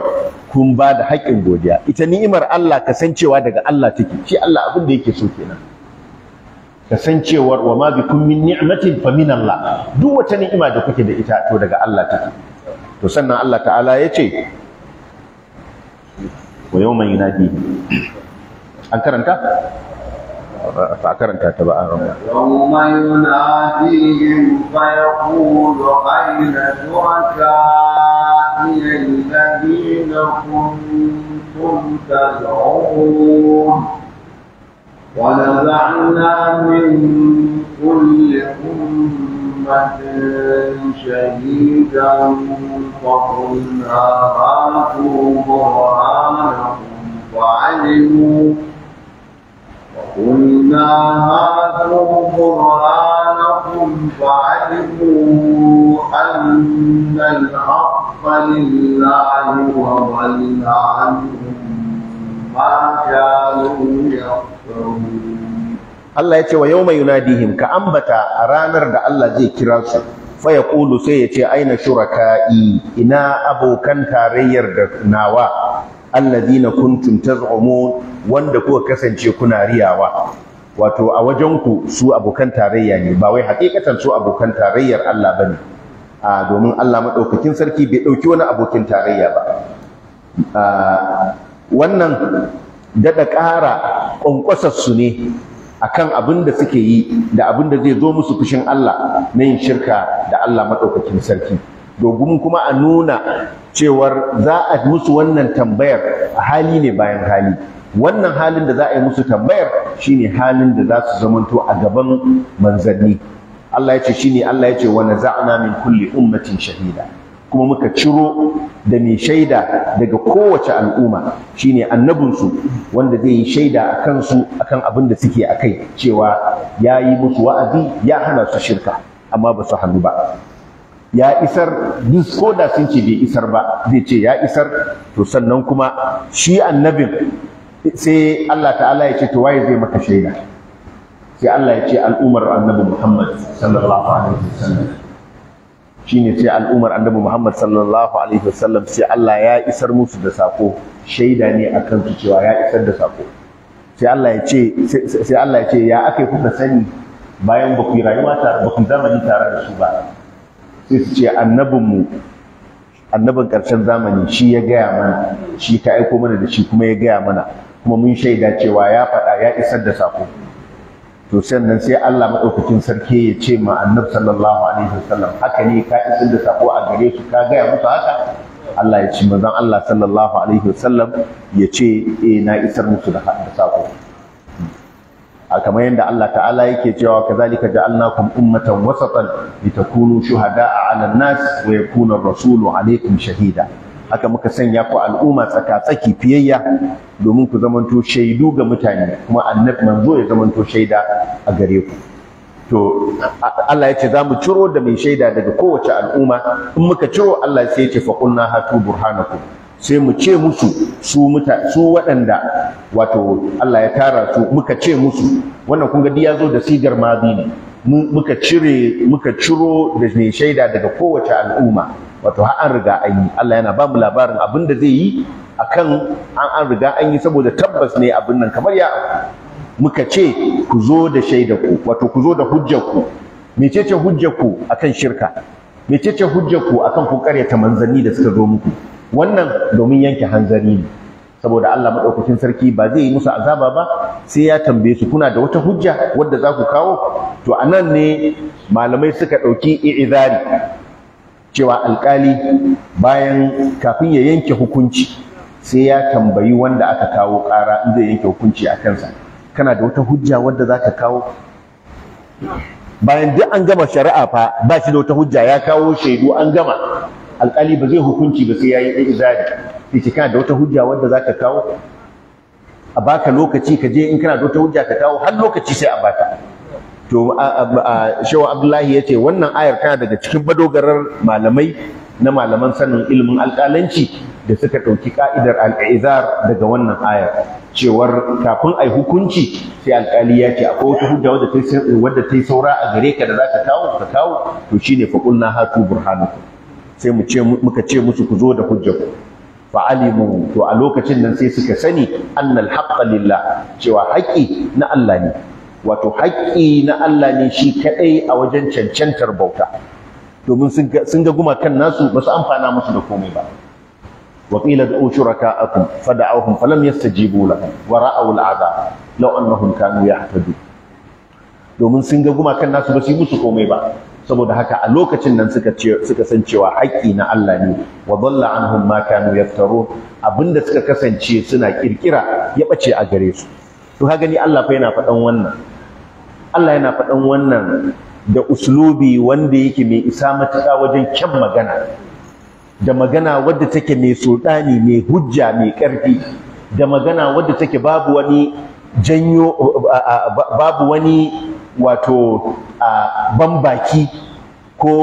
kun ba da haƙƙin godiya ita ni'imar Allah kasancewa daga Allah take shi Allah abin da yake so kenan ka san cewar wa ma bikum min ni'matin fa min Allah duk wata ni'ima da kuke da ita to daga Allah take to sannan Allah ta'ala ya ce wa yawma yunadi an karanta ba a karanta ta ba an rama yawma yunadihim fa yaqulu ayna shuraka'i alladhina kuntum tad'un ونزعنا من كل أمة شهيدا فقلنا هاتوا برهانكم فعلموا وقلنا هاتوا برهانكم فعلموا أن الحق لله وضل عنهم ما كانوا يقولون Allah ya ce wa yawma yunadihim ka ambata a ranar da Allah zai kira su fa yaqulu sai ya ce aina shuraka'i ina abokan tarayyar da nawa alladhina kuntum taz'umun wanda kuka kasance kuna riyawa wato a wajen ku su abokan tarayya ne ba wai hakikatan su abokan tarayyar Allah bane a domin Allah madaukakin sarki bai ɗauki wani abokin tarayya ba wannan daɗa ƙara ƙwanƙwasarsu ne akan abin da suke yi da abin da zai zo musu fushin Allah na yin shirka da Allah maɗaukakin sarki domin kuma a nuna cewar za a musu wannan tambayar a hali ne bayan hali wannan halin da za a yi musu tambayar shine halin da za su zamanto a gaban manzanni Allah ya ce shine Allah ya ce wa za'ana min kulli ummatin shahida kuma muka ciro da mai shaida daga kowace al'umma shine annabinsu wanda zai yi shaida a kansu a kan abin da suke a kai cewa ya yi musu wa'azi ya hana su shirka amma ba su hannu ba ya isar duk ko da sun ce bai isar ba zai ce ya isar to sannan kuma shi annabin sai Allah ta'ala ya ce to waye zai maka shaida sai Allah ya ce al'ummar annabi Muhammad sallallahu alaihi wasallam shine sai al'umar annabi Muhammad sallallahu alaihi wasallam sai Allah ya isar musu da sako shaida ne akan su cewa ya isar da sako sai Allah ya ce sai Allah ya ce ya akai kuka sani bayan ba ku rayuwa tare ba ku zamani tare da su ba sai su ce annabin annabin karshen zamani shi ya gaya mana shi ta aiko mana da shi kuma ya gaya mana kuma mun shaida cewa ya faɗa ya isar da sako to sannan sai Allah maɗaukakin sarki ya ce ma annabi sallallahu alaihi wasallam haka ne ka isar da sako a gare su ka gaya musu haka Allah ya ce manzon Allah sallallahu alaihi wasallam ya ce eh na isar musu da sako a kamar yadda Allah ta'ala yake cewa kazalika ja'alnakum ummatan wasatan litakunu shuhada'a 'alan nas wa yakuna ar-rasulu 'alaykum shahida haka muka sanya ku al'umma tsaka-tsaki fiyayya domin ku zamanto shaidu ga mutane kuma annabi manzo ya zamanto shaida a gare ku to Allah ya ce za mu ciro da mai shaida daga kowace al'umma in muka ciro Allah sai ya ce faqulna hatu burhanakum sai mu ce musu su muta su waɗanda wato Allah ya tara su muka ce musu wannan kun ga ya zo da sigar mazi ne muka cire muka ciro da mai shaida daga kowace al'umma wato har an riga an yi Allah yana ba mu labarin abin da zai yi akan an an riga an yi saboda tabbas ne abin nan kamar ya muka ce ku zo da shaida ku wato ku zo da hujjar ku mecece hujjar ku akan shirka mecece hujjar ku akan ku karyata manzanni da suka zo muku wannan domin yanke hanzari ne saboda Allah madaukakin sarki ba zai yi musu azaba ba sai ya tambaye su kuna da wata hujja wadda za ku kawo to anan ne malamai suka ɗauki i'izari cewa alkali bayan kafin ya yanke hukunci sai ya tambayi wanda aka kawo ƙara inda zai yanke hukunci a kansa kana da wata hujja wadda za ka kawo bayan duk an gama shari'a fa ba shi da wata hujja ya kawo shaidu an gama alkali ba zai hukunci ba sai ya yi izari sai kana da wata hujja wadda za ka kawo a baka lokaci ka je in kana da wata hujja ka kawo har lokaci sai a baka to shehu abdullahi ya ce wannan ayar tana daga cikin badogarar malamai na malaman sanin ilimin alƙalanci da suka ɗauki ƙa'idar al'izar daga wannan ayar cewar kafin ai hukunci sai alƙali ya ce akwai wata hujja wadda ta yi saura a gare ka da za ka kawo ka kawo to shine fa qulna hatu burhanakum sai mu ce muka ce musu ku zo da ku fa alimu to a lokacin nan sai suka sani annal haqqa cewa haƙi na Allah ne wato haƙƙi na Allah ne shi kaɗai a wajen cancantar bauta domin sun ga gumakan nasu ba su amfana musu da komai ba wa qila da'u shuraka'akum fada'awhum falam yastajibu lahum wa ra'aw al'adab law annahum kanu yahtadu domin sun ga gumakan nasu ba su yi musu komai ba saboda haka a lokacin nan suka ce suka san cewa haƙƙi na Allah ne wa dhalla anhum ma kanu yaftaru abinda suka kasance suna kirkira ya bace a gare su to ka gani Allah fa yana faɗan wannan Allah yana faɗan wannan da uslubi wanda yake mai isa matuƙa wajen kyan magana da magana wadda take mai sultani mai hujja mai ƙarfi da magana wadda take babu wani janyo babu wani wato bambaki ko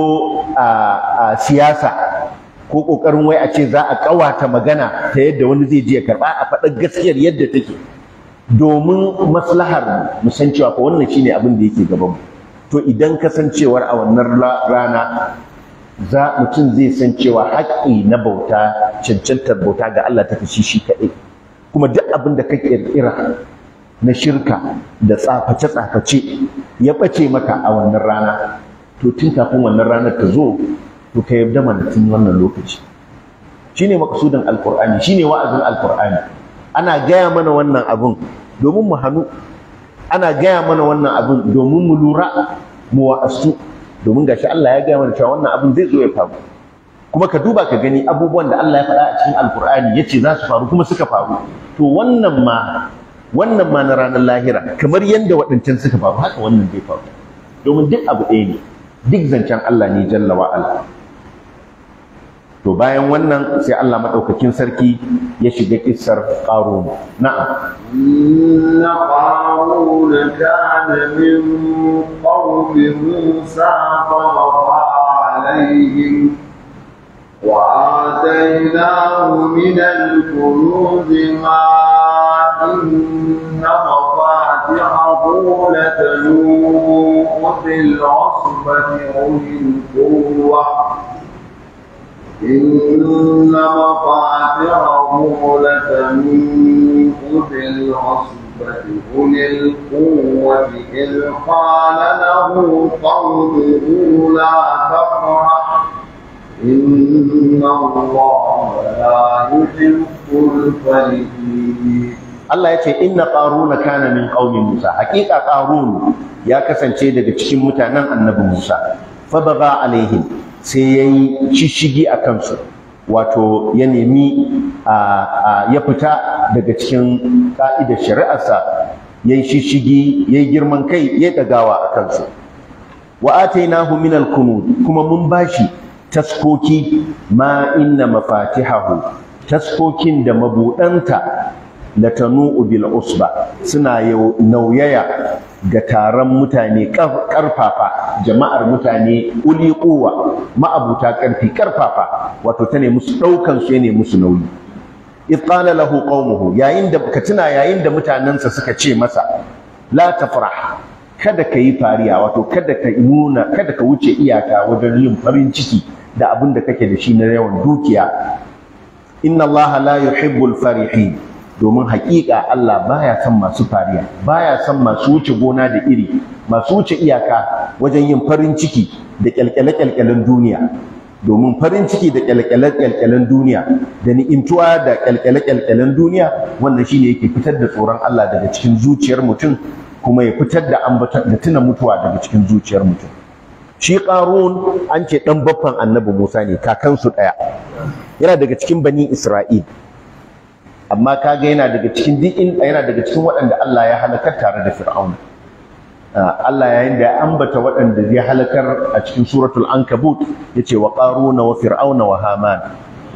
siyasa ko ƙoƙarin wai a ce za a ƙawata magana ta yadda wani zai ji ya karɓa a faɗar gaskiyar yadda take domin maslahar mu san cewa ko wannan shine abin da yake gaban mu to idan kasancewar a wannan rana za mutum zai san cewa haƙƙi na bauta cancantar bauta ga Allah ta kashi shi kaɗai kuma duk abin da ka ƙirƙira na shirka da tsaface-tsaface ya ɓace maka a wannan rana to tun kafin wannan ranar ta zo to ka yarda mana tun wannan lokaci shine maƙasudin alƙur'ani shine wa'azin alƙur'ani ana gaya mana wannan abun domin mu hannu ana gaya mana wannan abin domin mu lura mu wa'astu domin gashi Allah ya gaya mana cewa wannan abin zai zo ya faru kuma ka duba ka gani abubuwan da Allah ya faɗa a cikin ya ce za su faru kuma suka faru to wannan ma wannan ma na ranar lahira kamar yadda waɗancan suka faru haka wannan zai faru domin duk abu ɗaya ne duk zancen Allah ne jalla wa'ala to bayan wannan sai Allah maɗaukakin sarki ya shiga ƙisar ƙaro na'a na ƙaro na kana min ƙaumi musa fa wa alaihim wa atayna min al-qurud ma inna mafati hawla tanu bil 'usbati ulil quwwah إن مفاتحه لتنوء بالعصبة أولي القوة إذ قال له قومه لا تفرح إن الله لا يحب الفرحين Allah ya ce inna qaruna kana min qaumi Musa haƙiƙa qarun ya kasance daga cikin mutanen annabi Musa fa baga alaihim sai ya yi shishigi a kansu wato ya nemi ya fita daga cikin ƙa'idar shari'arsa ya yi shishigi ya yi girman kai ya yi ɗagawa a kansu wa atainahu min kuma mun bashi taskoki ma inna mafatihahu taskokin da mabuɗanta Latanu bil usba suna nauyaya ga taron mutane karfafa jama'ar mutane uli kowa ma'abuta karfi karfafa wato ta ne musu daukan su ne musu nauyi iqala lahu qaumuhu yayin da ka tuna yayin da mutanansa suka ce masa la tafrah kada ka yi fariya wato kada ka nuna kada ka wuce iyaka wajen yin farin ciki da abin da kake da shi na yawan dukiya inna allaha la yuhibbul farihin domin haƙiƙa Allah baya son masu fariya baya son masu wuce gona da iri masu wuce iyaka wajen yin farin ciki da kyalkyale-kyalkyalen duniya domin farin ciki da kyalkyale-kyalkyalen duniya da ni'intuwa da kyalkyale-kyalkyalen duniya wannan shine yake fitar da tsoron Allah daga cikin zuciyar mutum kuma ya fitar da da tuna mutuwa daga cikin zuciyar mutum shi qarun an ce dan baffan annabi Musa ne kakansu daya yana daga cikin bani Isra'il amma kaga yana daga cikin duk yana daga cikin waɗanda Allah ya halakar tare da Fir'auna ah, Allah yayin da ya ambata waɗanda ya halakar a cikin suratul ankabut yace wa qaruna wa fir'auna wa haman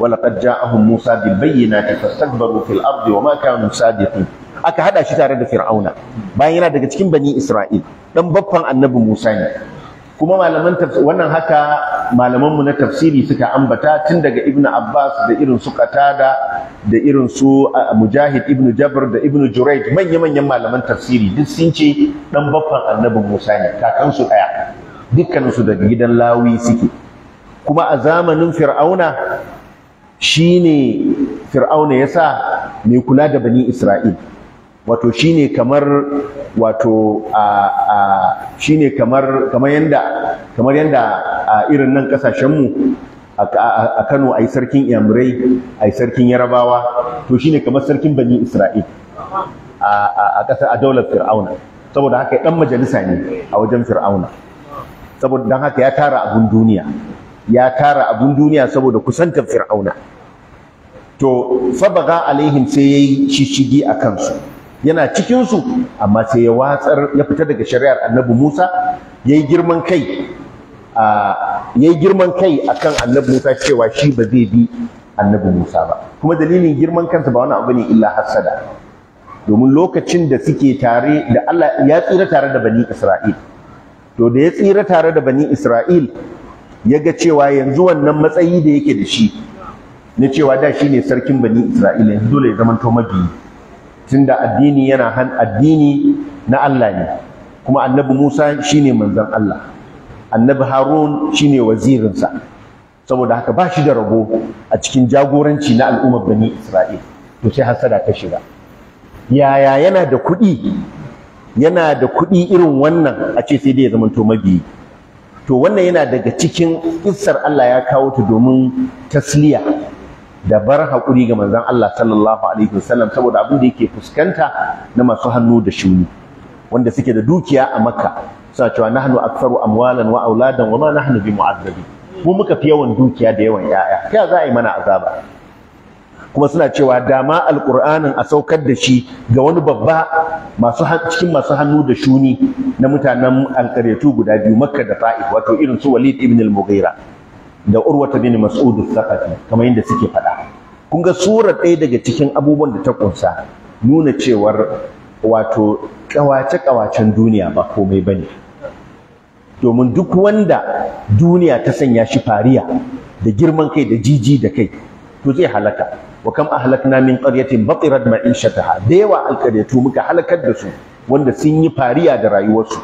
wa laqad ja'ahum musa bil bayyinati fastakbaru fil ardi wa ma kanu sadiqin aka hada shi tare da fir'auna bayan yana daga cikin bani isra'il dan baffan annabi musa ne kuma malaman wannan haka malaman mu na tafsiri suka ambata tun daga ibnu abbas da irin su qatada da irin su mujahid ibnu jabr da ibnu jurayd manya manyan malaman tafsiri duk sun ce dan baffan annabi musa ne kakansu ɗaya. daya dukkanin daga gidan lawi suke kuma a zamanin fir'auna shine fir'auna yasa mai kula da bani isra'il wato shine kamar wato a a shine kamar kamar yanda kamar yanda a irin nan kasashen mu a Kano ai sarkin Iyamurai ai sarkin Yarabawa to shine kamar sarkin Bani Isra'il a a kasar a daular Fir'auna saboda haka dan majalisa ne a wajen Fir'auna saboda dan haka ya tara abun duniya ya tara abun duniya saboda kusantar Fir'auna to fabaga alaihim sai yayi shishigi a kansu yana cikinsu amma sai ya watsar ya fita daga shari'ar annabi musa ya yi girman kai ya yi girman kai akan annabi musa cewa shi ba zai bi annabi musa ba kuma dalilin girman kansa ba wani abu ne illa hassada domin lokacin da suke tare da allah ya tsira tare da bani isra'il to da ya tsira tare da bani isra'il ya ga cewa yanzu wannan matsayi da yake da shi na cewa da shi ne sarkin bani isra'il yanzu dole ya zama to mabiyi tunda addini yana han addini na Allah ne kuma annabi Musa shine manzon Allah annabi Harun shine wazirinsa saboda haka ba shi da rabo a cikin jagoranci na al'ummar bani Isra'il to sai hasada ta shiga yaya yana da kuɗi yana da kuɗi irin wannan a ce sai dai ya zamanto mabiyi to wannan yana daga cikin kissar Allah ya kawo ta domin tasliya da bar haƙuri ga manzon Allah sallallahu alaihi wasallam saboda abin da yake fuskanta na masu hannu da shuni wanda suke da dukiya a Makka suna cewa nahnu aktsaru amwalan wa auladan wa ma nahnu bi mu'azzabi mu muka fi yawan dukiya da yawan yaya ta za a yi mana azaba kuma suna cewa dama alƙur'anin a saukar da shi ga wani babba masu cikin masu hannu da shuni na mutanen alƙaryatu guda biyu Makka da Fa'id wato irin su Walid ibn al-Mughira da urwata bin mas'ud al-thaqafi kamar yadda suke faɗa kun ga sura ɗaya daga cikin abubuwan da ta kunsa nuna cewar wato kawace kawacen duniya ba komai bane domin duk wanda duniya ta sanya shi fariya da girman kai da jiji da kai to zai halaka wa kam ahlakna min qaryatin batirat ma'ishataha da yawa alqaryatu muka halakar da su wanda sun yi fariya da rayuwarsu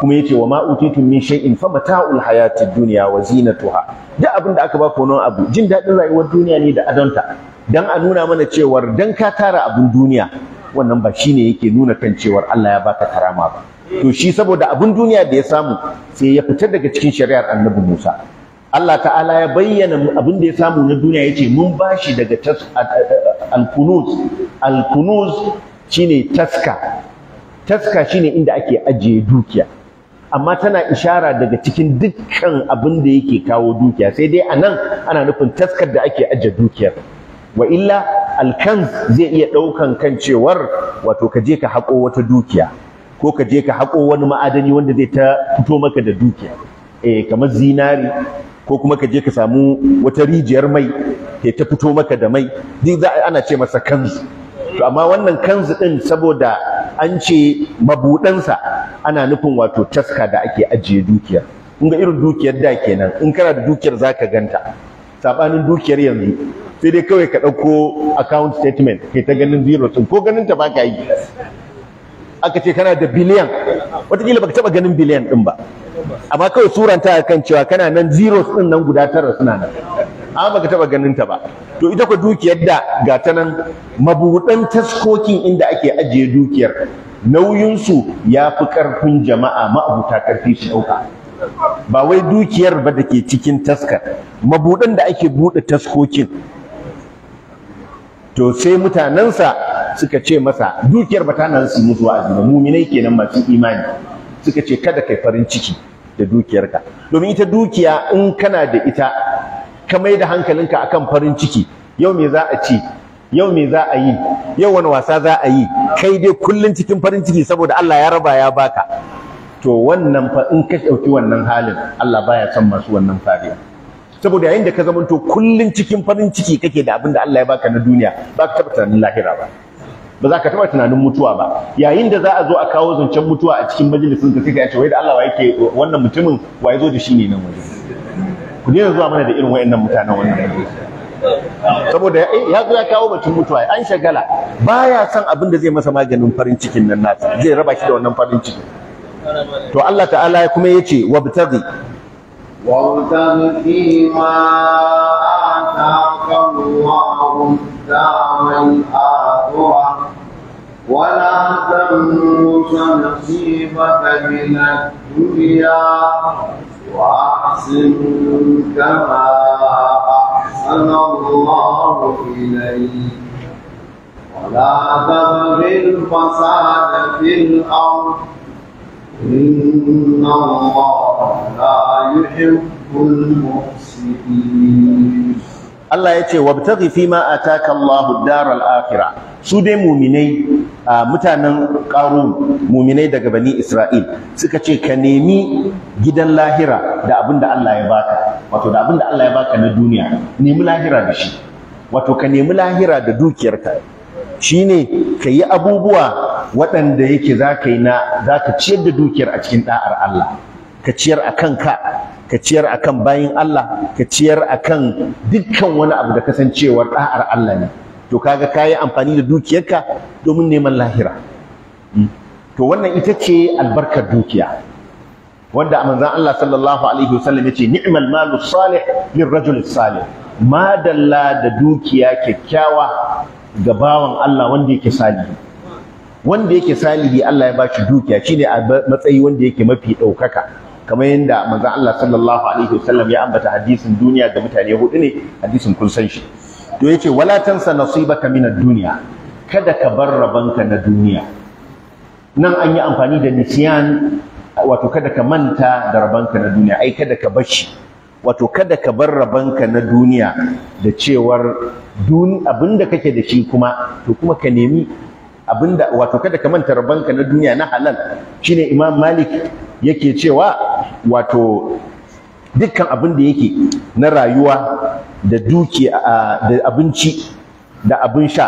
kuma yace wa ma utitum min shay'in fa mata'ul hayatid dunya wa zinatuha duk abin da aka ba ku wannan abu jin dadin rayuwar duniya ne da adonta dan a nuna mana cewa dan ka tara abin duniya wannan ba shine yake nuna kan cewa Allah ya baka karama ba to shi saboda abin duniya da ya samu sai ya fitar daga cikin shari'ar Annabi Musa Allah ta'ala ya bayyana abin da ya samu na duniya yace mun bashi daga al-kunuz al-kunuz shine taska taska shine inda ake ajiye dukiya amma tana ishara daga cikin dukkan abin da yake kawo dukiya sai dai anan ana nufin taskar da ake ajiye dukiyar wa illa alkanz zai iya ɗaukan kan cewar wato kaje je ka haƙo wata dukiya ko ka ka haƙo wani ma'adani wanda zai ta fito maka da dukiya eh kamar zinari ko kuma ka ka samu wata rijiyar mai ta fito maka da mai duk za ana ce masa kanzu to amma wannan kanzu din saboda an ce mabudansa ana nufin wato taska da ake ajiye dukiyar kun ga irin dukiyar da kenan in kana da dukiyar zaka ganta sabanin dukiyar yanzu sai dai kawai ka ɗauko account statement kai ta ganin zero din ko ganin ta baka yi aka ce kana da biliyan wataƙila baka taɓa ganin biliyan ɗin ba amma kawai suranta kan cewa kana nan zero ɗin nan guda tara suna nan ba ka taba ganin ta ba to ita kwa dukiyar da ga ta nan mabuɗan taskokin inda ake ajiye dukiyar nauyinsu ya fi karfin jama'a ma'abuta karfi su dauka ba wai dukiyar ba da ke cikin taskar mabuɗan da ake buɗe taskokin to sai mutanensa suka ce masa dukiyar ba ta nan su mutu wa'azi ba muminai kenan masu imani suka ce kada kai farin ciki da dukiyarka domin ita dukiya in kana da ita ka mai da hankalinka akan farin ciki yau me za a ci yau me za a yi yau wani wasa za a yi kai dai kullun cikin farin ciki saboda Allah ya raba ya baka to wannan fa in ka dauki wannan halin Allah baya son masu wannan fariya saboda yayin da ka zama to kullun cikin farin ciki kake da abin da Allah ya baka na duniya ba ka taba tunanin lahira ba ba za ka taba tunanin mutuwa ba yayin da za a zo a kawo zancen mutuwa a cikin majalisin ka sai ka ce wai da Allah wa yake wannan mutumin wa ya zo da shi ne nan wajen ku ne zuwa mana da irin wayannan mutanen wannan saboda ya zo ya kawo batun mutuwa an shagala baya son abin da zai masa maganin farin cikin nan nasa zai raba shi da wannan farin ciki to Allah ta'ala ya kuma yace wabtaghi wabtaghi fi ma ataka Allahu Wala وأحسن كما أحسن الله إليك ولا تبغ الفساد في الأرض إن الله لا يحب المفسدين الله يتي وابتغ فيما آتاك الله الدار الآخرة su dai muminai a mutanen karu muminai daga bani isra'il suka ce ka nemi gidan lahira da abin da allah ya baka wato da abin da allah ya baka na duniya nemi lahira da shi wato ka nemi lahira da dukiyarka ne ka yi abubuwa waɗanda yake za ka yi na za ka ciyar da dukiyar a cikin ɗa'ar allah ka ciyar a kanka ka ciyar a kan bayin allah ka ciyar a kan dukkan wani abu da kasancewar ɗa'ar allah ne to kaga kayi amfani da dukiyarka domin neman lahira hmm. to wannan ita ce albarkar dukiya wanda manzon Allah sallallahu alaihi wasallam yace ni'mal malu salih rajul salih dalla da dukiya kyakkyawa ga bawan Allah wanda yake salihi wanda yake salihi Allah ya ba shi dukiya shine a matsayi wanda yake mafi ɗaukaka kamar yadda manzon Allah sallallahu alaihi wasallam ya ambata hadisin duniya da mutane hudu ne hadisin kun san shi to yace wala tansa nasibaka min ad-dunya kada ka bar rabanka na duniya nan an yi amfani da nisyan wato kada ka manta da rabanka na duniya ai kada ka bashi wato kada ka bar rabanka na duniya da cewar dun abinda kake da shi kuma to kuma ka nemi abinda wato kada ka manta rabanka na duniya na halal shine imam malik yake cewa wato dukkan abin da yake na rayuwa da dukiya da abinci da abin sha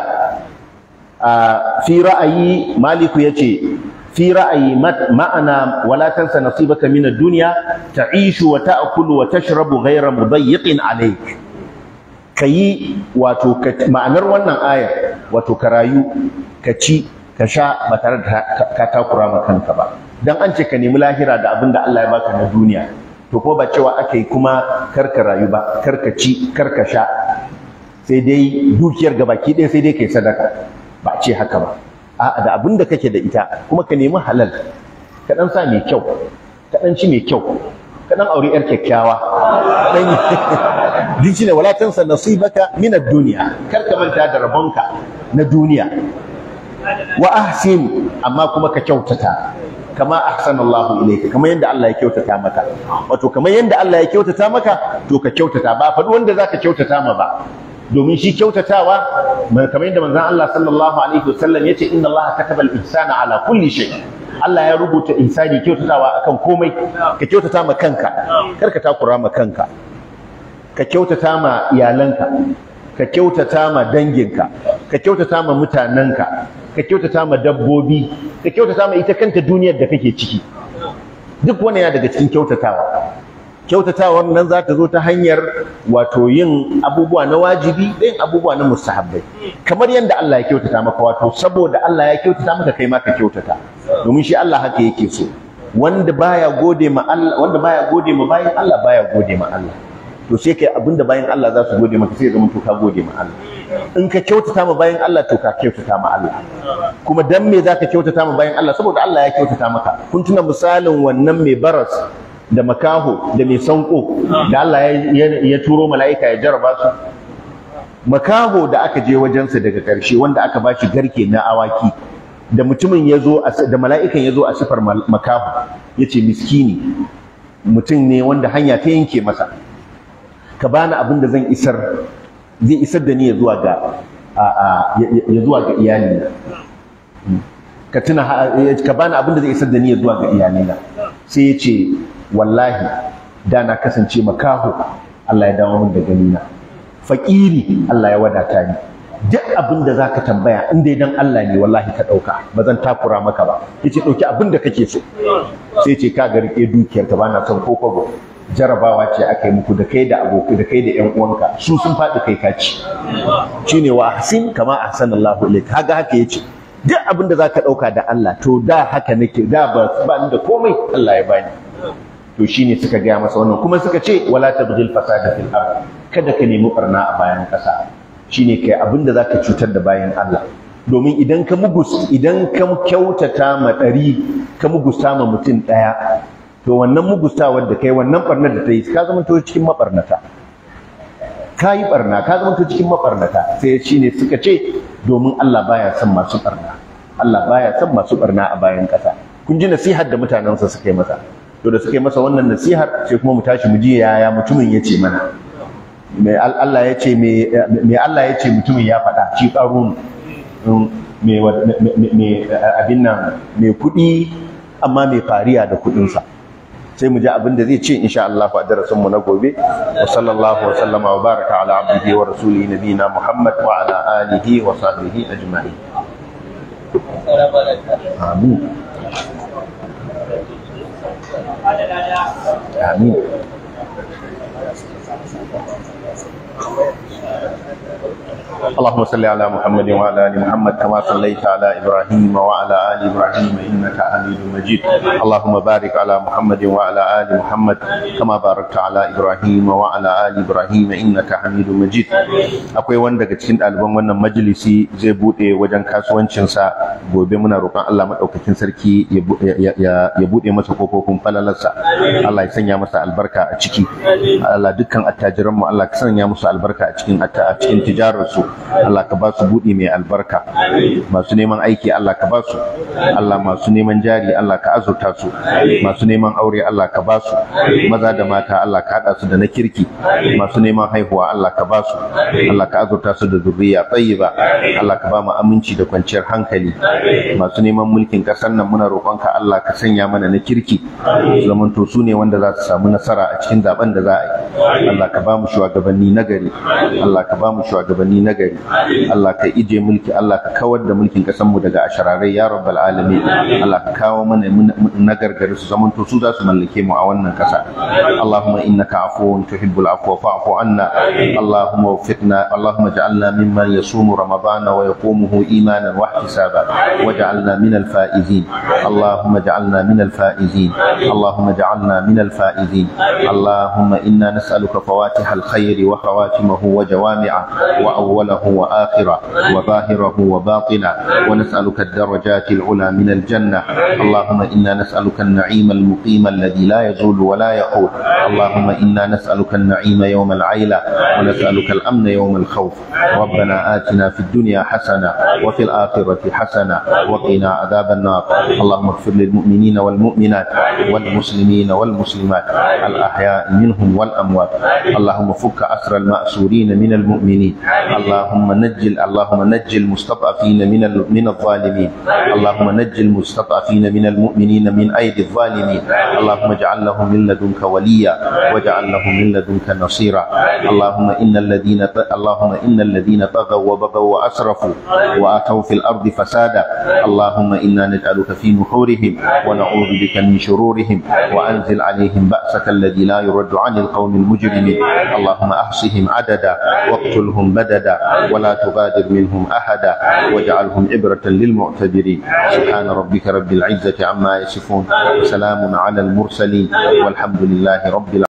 fi ra'ayi maliku ce fi ra'ayi ma'ana wala tansa nasibaka mina duniya ta ishu wa akulu wa tashrabu ghayra mudayyiqin Ka yi wato ma'anar wannan ayar wato ka rayu ka ci ka sha ba tare da ka takura ma kanka ba dan an ce ka nemi lahira da abin da Allah ya baka na duniya to ko ba cewa aka yi kuma karka rayu ba karka ci karka sha sai dai dukiyar gabaki ɗaya sai dai kai sadaka ba a ce haka ba a'a da abin da kake da ita kuma ka nemi halal ka dan sa mai kyau ka dan ci mai kyau ka dan aure yar kyakkyawa din ne wala tansa nasibaka min ad-dunya kar ka manta da rabonka na duniya wa ahsin amma kuma ka kyautata kama ahsanallahu ilayka kamar yanda Allah ya kyautata maka wato kamar yanda Allah ya kyautata maka to ka kyautata ba faɗi wanda zaka kyautata ma ba domin shi kyautatawa kamar yadda manzon Allah sallallahu alaihi wasallam yace inna Allah kataba al-ihsana ala kulli shay Allah ya rubuta ihsani kyautatawa akan komai ka kyautata ma kanka kar ka takura ma kanka ka kyautata ma iyalanka ka kyautata ma danginka ka kyautata ma mutanenka ka kyautata ma dabbobi ka kyautata ma ita kanta duniyar da kake ciki duk wani yana daga cikin kyautatawa kyautatawar nan za ta zo ta hanyar wato yin abubuwa na wajibi da yin abubuwa na mustahabbai kamar yadda Allah ya kyautata maka wato saboda Allah ya kyautata maka kai ma ka kyautata domin shi Allah haka yake so wanda baya gode ma Allah wanda baya gode ma bayan Allah baya gode ma Allah to sai kai abinda bayan Allah za su gode maka sai zama to ka gode ma Allah in ka kyautata ma bayan Allah to ka kyautata ma Allah kuma dan me zaka kyautata ma bayan Allah saboda Allah ya kyautata maka kun tuna misalin wannan mai baras da makaho da mai sanko da Allah ya turo mala'ika ya jarraba su makaho da aka je wajensa daga karshe wanda aka bashi garke na awaki da mutumin ya zo da mala'ikan ya zo a sifar makaho yace miskini mutum ne wanda hanya ta yanke masa ka bani abin da zan isar zai isar da ni ya zuwa ga ya zuwa ga iyalina ka tuna ka bani abin da zai isar da ni ya zuwa ga iyalina sai ya ce wallahi da na kasance makaho Allah ya dawo min da ganina faƙiri Allah ya wadata ni duk abin da zaka tambaya in dai dan Allah ne wallahi ka ɗauka, ba zan takura maka ba yace dauki abin da kake so sai ce ka ga rike dukiyar ka bana son ko jarabawa ce aka yi muku da kai da abokai da kai da ƴan uwanka su sun faɗi kai kaci shine wa hasin kama ahsanallahu ilayka kaga haka yace duk abin da zaka dauka da Allah to da haka nake da ba ba ni da komai Allah ya bani to shine suka gaya masa wannan kuma suka ce wala tabghil fasada fil ard kada ka nemi barna a bayan ƙasa shine kai abin da zaka cutar da bayan Allah domin idan ka mugus idan ka kyautata ma ɗari ka mugusta ma mutum ɗaya to wannan mugustawar da kai wannan barnar da ta yi ka zama cikin mabarnata ka yi barna ka zama cikin mabarnata sai shi ne suka ce domin Allah baya son masu barna Allah baya son masu barna a bayan ƙasa kun ji nasihar da mutanensa suka yi masa to da suka yi masa wannan nasihar sai kuma mu tashi mu ji yaya mutumin ya ce mana me Allah ya ce mai Allah ya ce mutumin ya faɗa shi ƙarun mai um, abin nan mai kuɗi amma mai fariya da kuɗinsa. sai mu ji abin da zai ce insha Allah a darasin mu na gobe wa sallallahu wa sallama wa baraka ala abdihi wa rasulihi nabina Muhammad wa ala alihi wa sahbihi ajma'in amin amin اللهم صل على محمد وعلى ال محمد كما صليت على ابراهيم وعلى ال ابراهيم انك حميد مجيد اللهم بارك على محمد وعلى ال محمد كما باركت على ابراهيم وعلى ال ابراهيم انك حميد مجيد akwai wanda daga cikin ɗaliban wannan majalisi zai buɗe wajen kasuwancinsa gobe muna roƙon Allah madaukakin sarki ya buɗe masa kofofin falalarsa Allah ya sanya masa albarka a ciki Allah dukkan attajiranmu Allah ya sanya musu albarka a cikin tijararsu Allah ka ba su buɗi mai albarka masu neman aiki Allah ka ba Allah masu neman jari Allah ka azurta su masu neman aure Allah ka ba maza da mata Allah ka haɗa su da na kirki masu neman haihuwa Allah ka ba Allah ka azurta su da zuriya tayyiba Allah ka ba mu aminci da kwanciyar hankali masu neman mulkin ƙasar nan muna roƙonka Allah ka sanya mana na kirki zamanto su ne wanda za su samu nasara a cikin zaben da za a yi Allah ka ba mu shugabanni nagari Allah ka ba mu shugabanni nagari nagari Allah ka ije mulki Allah ka kawar da mulkin kasar mu daga ashararai ya rabbal alamin Allah ka kawo mana nagargari su zamanto su za su mallake mu a wannan kasa Allahumma innaka afuwun tuhibbul afwa fa'fu anna Allahumma waffiqna Allahumma ja'alna mimman yasumu ramadana wa yaqumuhu imanan wa ihtisaba waj'alna min al-faizin Allahumma ja'alna min al-faizin Allahumma ja'alna min al-faizin Allahumma inna nas'aluka fawatiha al-khair wa khawatimahu wa jawami'ah wa awwal أوله وآخره وظاهره وباطنه ونسألك الدرجات العلى من الجنة اللهم إنا نسألك النعيم المقيم الذي لا يزول ولا يقول اللهم إنا نسألك النعيم يوم العيلة ونسألك الأمن يوم الخوف ربنا آتنا في الدنيا حسنة وفي الآخرة حسنة وقنا عذاب النار اللهم اغفر للمؤمنين والمؤمنات والمسلمين والمسلمات الأحياء منهم والأموات اللهم فك أسر المأسورين من المؤمنين اللهم اللهم نجل اللهم نجل المستضعفين من من الظالمين اللهم نجل المستضعفين من المؤمنين من ايدي الظالمين اللهم اجعل لهم من لدنك وليا واجعل لهم من لدنك نصيرا اللهم ان الذين اللهم ان الذين طغوا وبغوا واسرفوا واتوا في الارض فسادا اللهم انا نجعلك في نحورهم ونعوذ بك من شرورهم وانزل عليهم باسك الذي لا يرد عن القوم المجرمين اللهم احصهم عددا واقتلهم بددا ولا تبادر منهم أحدا واجعلهم عبرة للمعتبرين سبحان ربك رب العزة عما يصفون وسلام على المرسلين والحمد لله رب العالمين